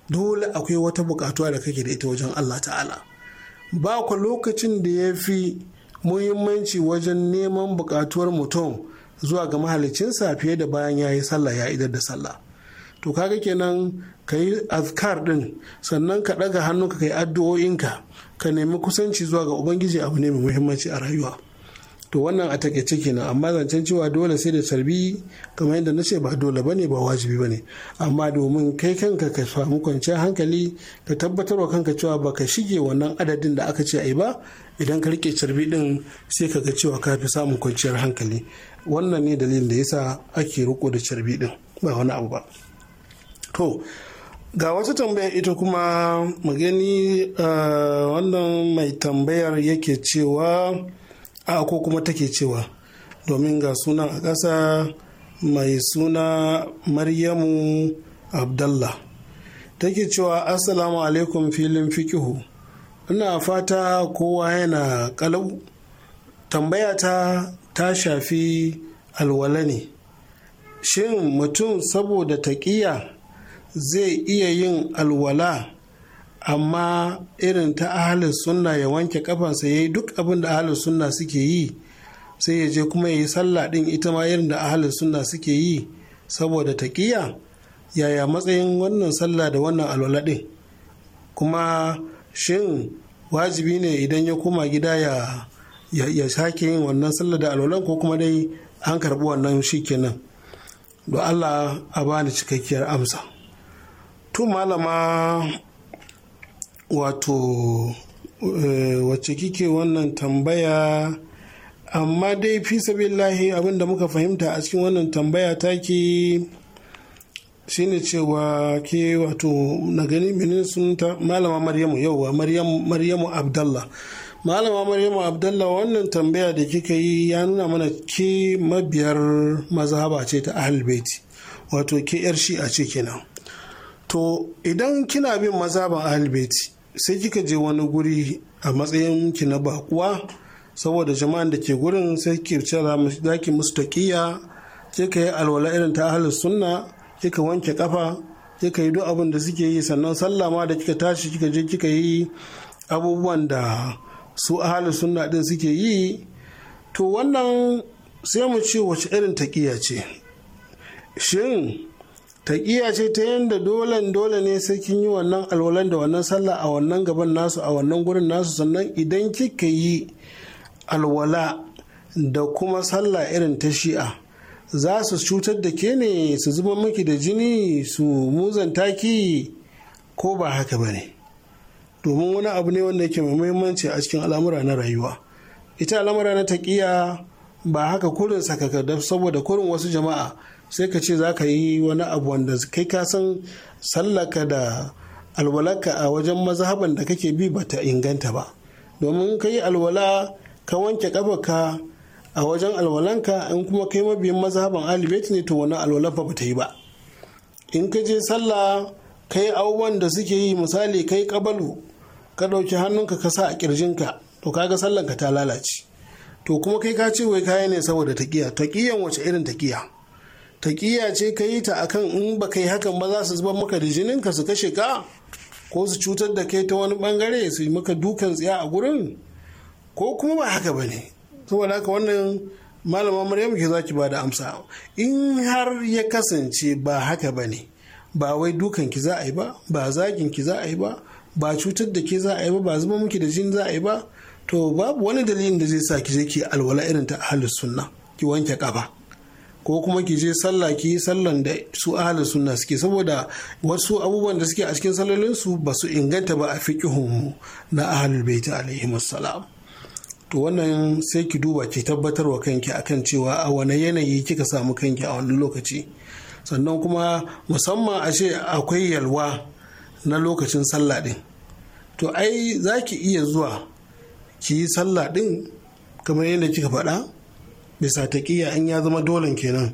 dole akwai wata bukatuwa da kake da ita wajen Allah ta'ala ba ku lokacin da ya fi muhimmanci wajen neman buƙatuwar mutum zuwa ga mahalicinsa fiye da bayan ya yi sallah ya idar da sallah to kaga kenan ka yi azkar din sannan ka ɗaga hannu ka yi addu'o'inka ka nemi kusanci zuwa ga ubangiji abu ne mai muhimmanci a rayuwa to wannan a takaice kenan amma zancen cewa dole sai da tarbi kamar yadda na ce ba dole ba ne ba wajibi ba ne amma domin kai kanka ka samu kwanciyar hankali ka tabbatar wa kanka cewa ba ka shige wannan adadin da aka ce yi ba idan ka rike tarbi din sai ka ga cewa ka fi samun kwanciyar hankali wannan ne dalilin da yasa ake riko da tarbi din ba wani abu ba to ga wata tambayar ita kuma magani eh, wannan mai tambayar yake cewa a ko kuma take cewa domin ga sunan a ƙasa mai suna maryamu abdallah take cewa assalamu alaikum filin fikihu ina fata kowa yana kalau tambaya ta ta shafi alwala ne shin mutum saboda taƙiya zai iya yin alwala amma irin ta ahalin sunna ya wanke kafansa ya yi duk abin da ahalin sunna suke yi sai ya je kuma ya yi sallah ɗin ita ma irin da ahalin sunna suke yi saboda taƙiya yaya matsayin wannan sallah da wannan alwala ɗin kuma shin wajibi ne idan ya koma gida ya sake yin wannan sallah da alwalan ko kuma dai an karɓi wannan shi kenan don allah a bani cikakkiyar amsa Tun malama wato eh, wacce kike wannan tambaya amma dai fi sabillahi abin da muka fahimta a cikin wannan tambaya ta Shi shine cewa ke wato na gani minin ta? malama maryamu yauwa maryamu abdallah malama maryamu abdallah wannan tambaya da kika yi ya nuna mana ke mabiyar mazhaba ce ta ahalbeti wato ke yar shi'a ce kenan to idan kina bin mazhaban ahalbeti sai kika je wani guri a matsayin ki na bakuwa saboda jama'an da ke gurin sai ki cira zaki musu taqiya ka yi alwala irin ta ahlus sunna kika wanke kafa kika yi duk abin da suke yi sannan sallah ma da kika tashi kika je kika yi abubuwan da su ahlus sunna din suke yi to wannan sai mu ce wace irin taqiya ce shin taƙiya ce ta yadda dole dole ne sai kin yi wannan alwalan da wannan sallah a wannan gaban nasu a wannan gurin nasu sannan idan kika yi alwala da kuma sallah irin ta shi'a za su cutar da ke ne su zuba miki da jini su muzanta ki ko ba haka ba ne domin wani abu ne wanda yake mai muhimmanci a cikin al'amura na rayuwa ita al'amura na taƙiya ba haka kurin sakaka saboda kurin wasu jama'a sai ka ce za ka yi wani abu wanda kai ka san sallaka da alwalaka a wajen mazhaban da kake bi bata inganta ba domin ka yi alwala ka wanke kafarka a wajen alwalanka in kuma kai mabiyin mazhaban alibeti ne to wani alwala fa ta yi ba in ka je sallah ka yi abubuwan da suke yi misali kai kabalu ka ɗauki hannunka ka sa a kirjinka to kaga sallanka ta lalace to kuma kai ka ce wai kaya ne saboda taƙiya taƙiyan wace irin taƙiya taƙiya ce ka yi ta akan in ba ka yi hakan ba za su zuba maka da ka su kashe ka ko su cutar da kai ta wani bangare su yi maka dukan tsiya a gurin ko kuma ba haka ba ne saboda haka wannan malama maryam ke za ki ba da amsa in har ya kasance ba haka ba ne ba wai dukan ki za a yi ba ba zagin ki za a yi ba ba cutar da ke za a yi ba ba zuba miki da jin za a yi ba to babu wani dalilin da zai sa ki je ki alwala irin ta ahlus sunna ki wanke kafa ko kuma ki je sallah ki yi sallan da su ahli sunna suke saboda wasu abubuwan da suke a cikin sallolin su ba su inganta ba a fiqihun na ahlul bait alaihi salam to wannan sai ki duba ki tabbatar wa kanki akan cewa a wane yanayi kika samu kanki a wannan lokaci sannan kuma musamman a ce akwai yalwa na lokacin sallah din to ai za ki iya zuwa ki yi sallah din kamar yadda kika faɗa bisa kiya in ya zama dolan kenan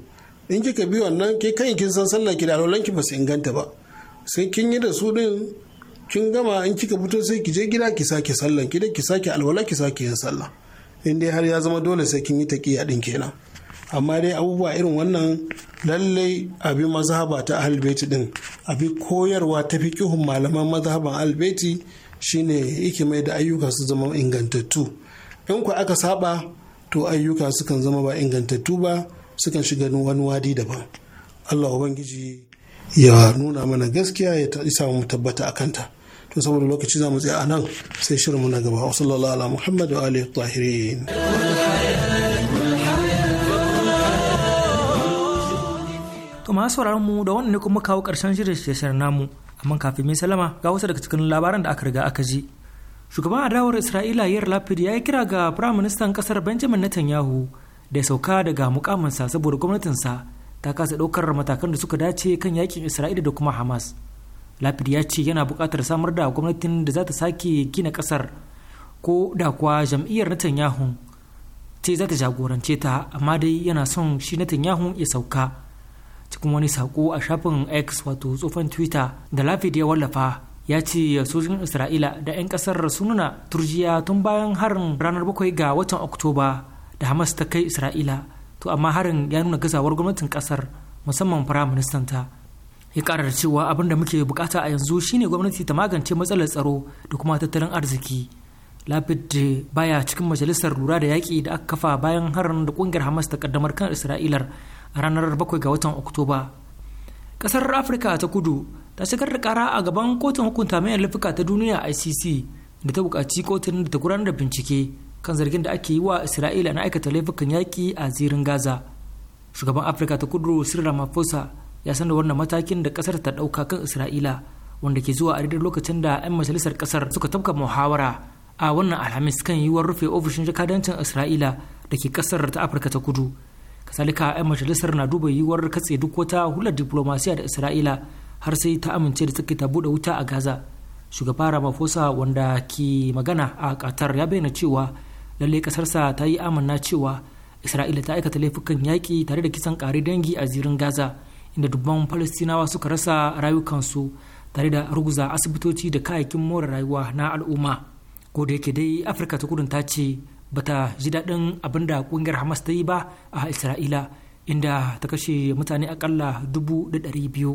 in kika bi wannan ke kan kin san sallah ki da alwalan ki ba su inganta ba sai kin yi da su din kin gama in kika fito sai ki je gida ki sake sallar ki da ki sake alwala ki sake yin sallah in dai har ya zama dole sai kin yi ta taƙiyya din kenan amma dai abubuwa irin wannan lallai abi mazhaba ta ahlbaiti din abi koyarwa ta fiqihun malaman mazhaban albeti shine yake da ayyuka su zama ingantattu in ku aka saba to ayyuka sukan zama ba ingantattu ba sukan shiga wani wadi daban allah ubangiji ya nuna mana gaskiya ya isa mu tabbata a kanta to saboda lokaci za mu tsaya a nan sai shirinmu na gaba wasu ala muhammadu wa alihi to masu sauraron mu da wannan ne kuma kawo karshen shirin shirin namu amma kafin mai salama ga wasu daga cikin labaran da aka riga aka ji shugaban adawar isra'ila yar lapid ya yi kira ga firaministan kasar benjamin netanyahu da ya sauka daga mukaminsa saboda gwamnatinsa ta kasa daukar matakan da suka dace kan yakin isra'ila da kuma hamas lapid ya ce yana buƙatar samar da gwamnatin da za ta sake gina ƙasar ko da kuwa jam'iyyar netanyahu ce za ta jagorance ta amma dai yana son shi netanyahu ya sauka cikin wani sako a shafin x wato tsofan twitter da lapid ya wallafa ya ce sojojin isra'ila da 'yan kasar sun nuna turjiya tun bayan harin ranar bakwai ga watan oktoba da hamas ta kai isra'ila to amma harin ya nuna gazawar gwamnatin kasar musamman firaministan ta ya kara da cewa abin da muke bukata a yanzu shine gwamnati ta magance matsalar tsaro da kuma tattalin arziki lapid baya cikin majalisar lura da yaƙi da aka kafa bayan harin da ƙungiyar hamas ta kaddamar kan isra'ilar a ranar bakwai ga watan oktoba kasar afirka ta kudu ta shigar da kara a gaban kotun hukunta mai laifuka ta duniya icc da ta buƙaci kotun da ta gudanar da bincike kan zargin da ake yi wa isra'ila na aikata laifukan yaƙi a zirin gaza shugaban afirka ta kudu sir ramaphosa ya sanar wannan matakin da kasar ta ɗauka kan isra'ila wanda ke zuwa a daidai lokacin da 'yan majalisar kasar suka tabka muhawara a wannan alhamis kan yiwuwar rufe ofishin jakadancin isra'ila da ke kasar ta afirka ta kudu kasalika 'yan majalisar na duba yiwuwar katse duk wata hular diplomasiya da isra'ila har sai ta amince da take ta bude wuta a gaza shugaba ramaphosa wanda ke magana a qatar ya bayyana cewa lalle kasarsa ta yi amanna cewa isra'ila ta aikata laifukan yaƙi tare da kisan kare dangi a zirin gaza inda dubban falastinawa suka rasa rayukansu tare da ruguza asibitoci da kayayyakin more rayuwa na al'umma ko da yake dai afirka ta kudun ta ce bata ji daɗin abin da ƙungiyar hamas ta yi ba a isra'ila inda ta kashe mutane akalla dubu da ɗari biyu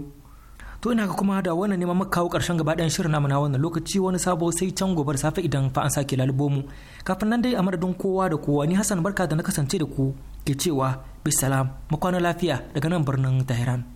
to ina ga kuma da wannan neman maka kawo karshen gaba ɗayan shirin namu na wannan lokaci wani sabo sai can gobe da safe idan fa an sake lalubo mu kafin nan dai a madadin kowa da kowa ni Hassan barka da na kasance da ku ke cewa bisalam makwana lafiya daga nan birnin Tehran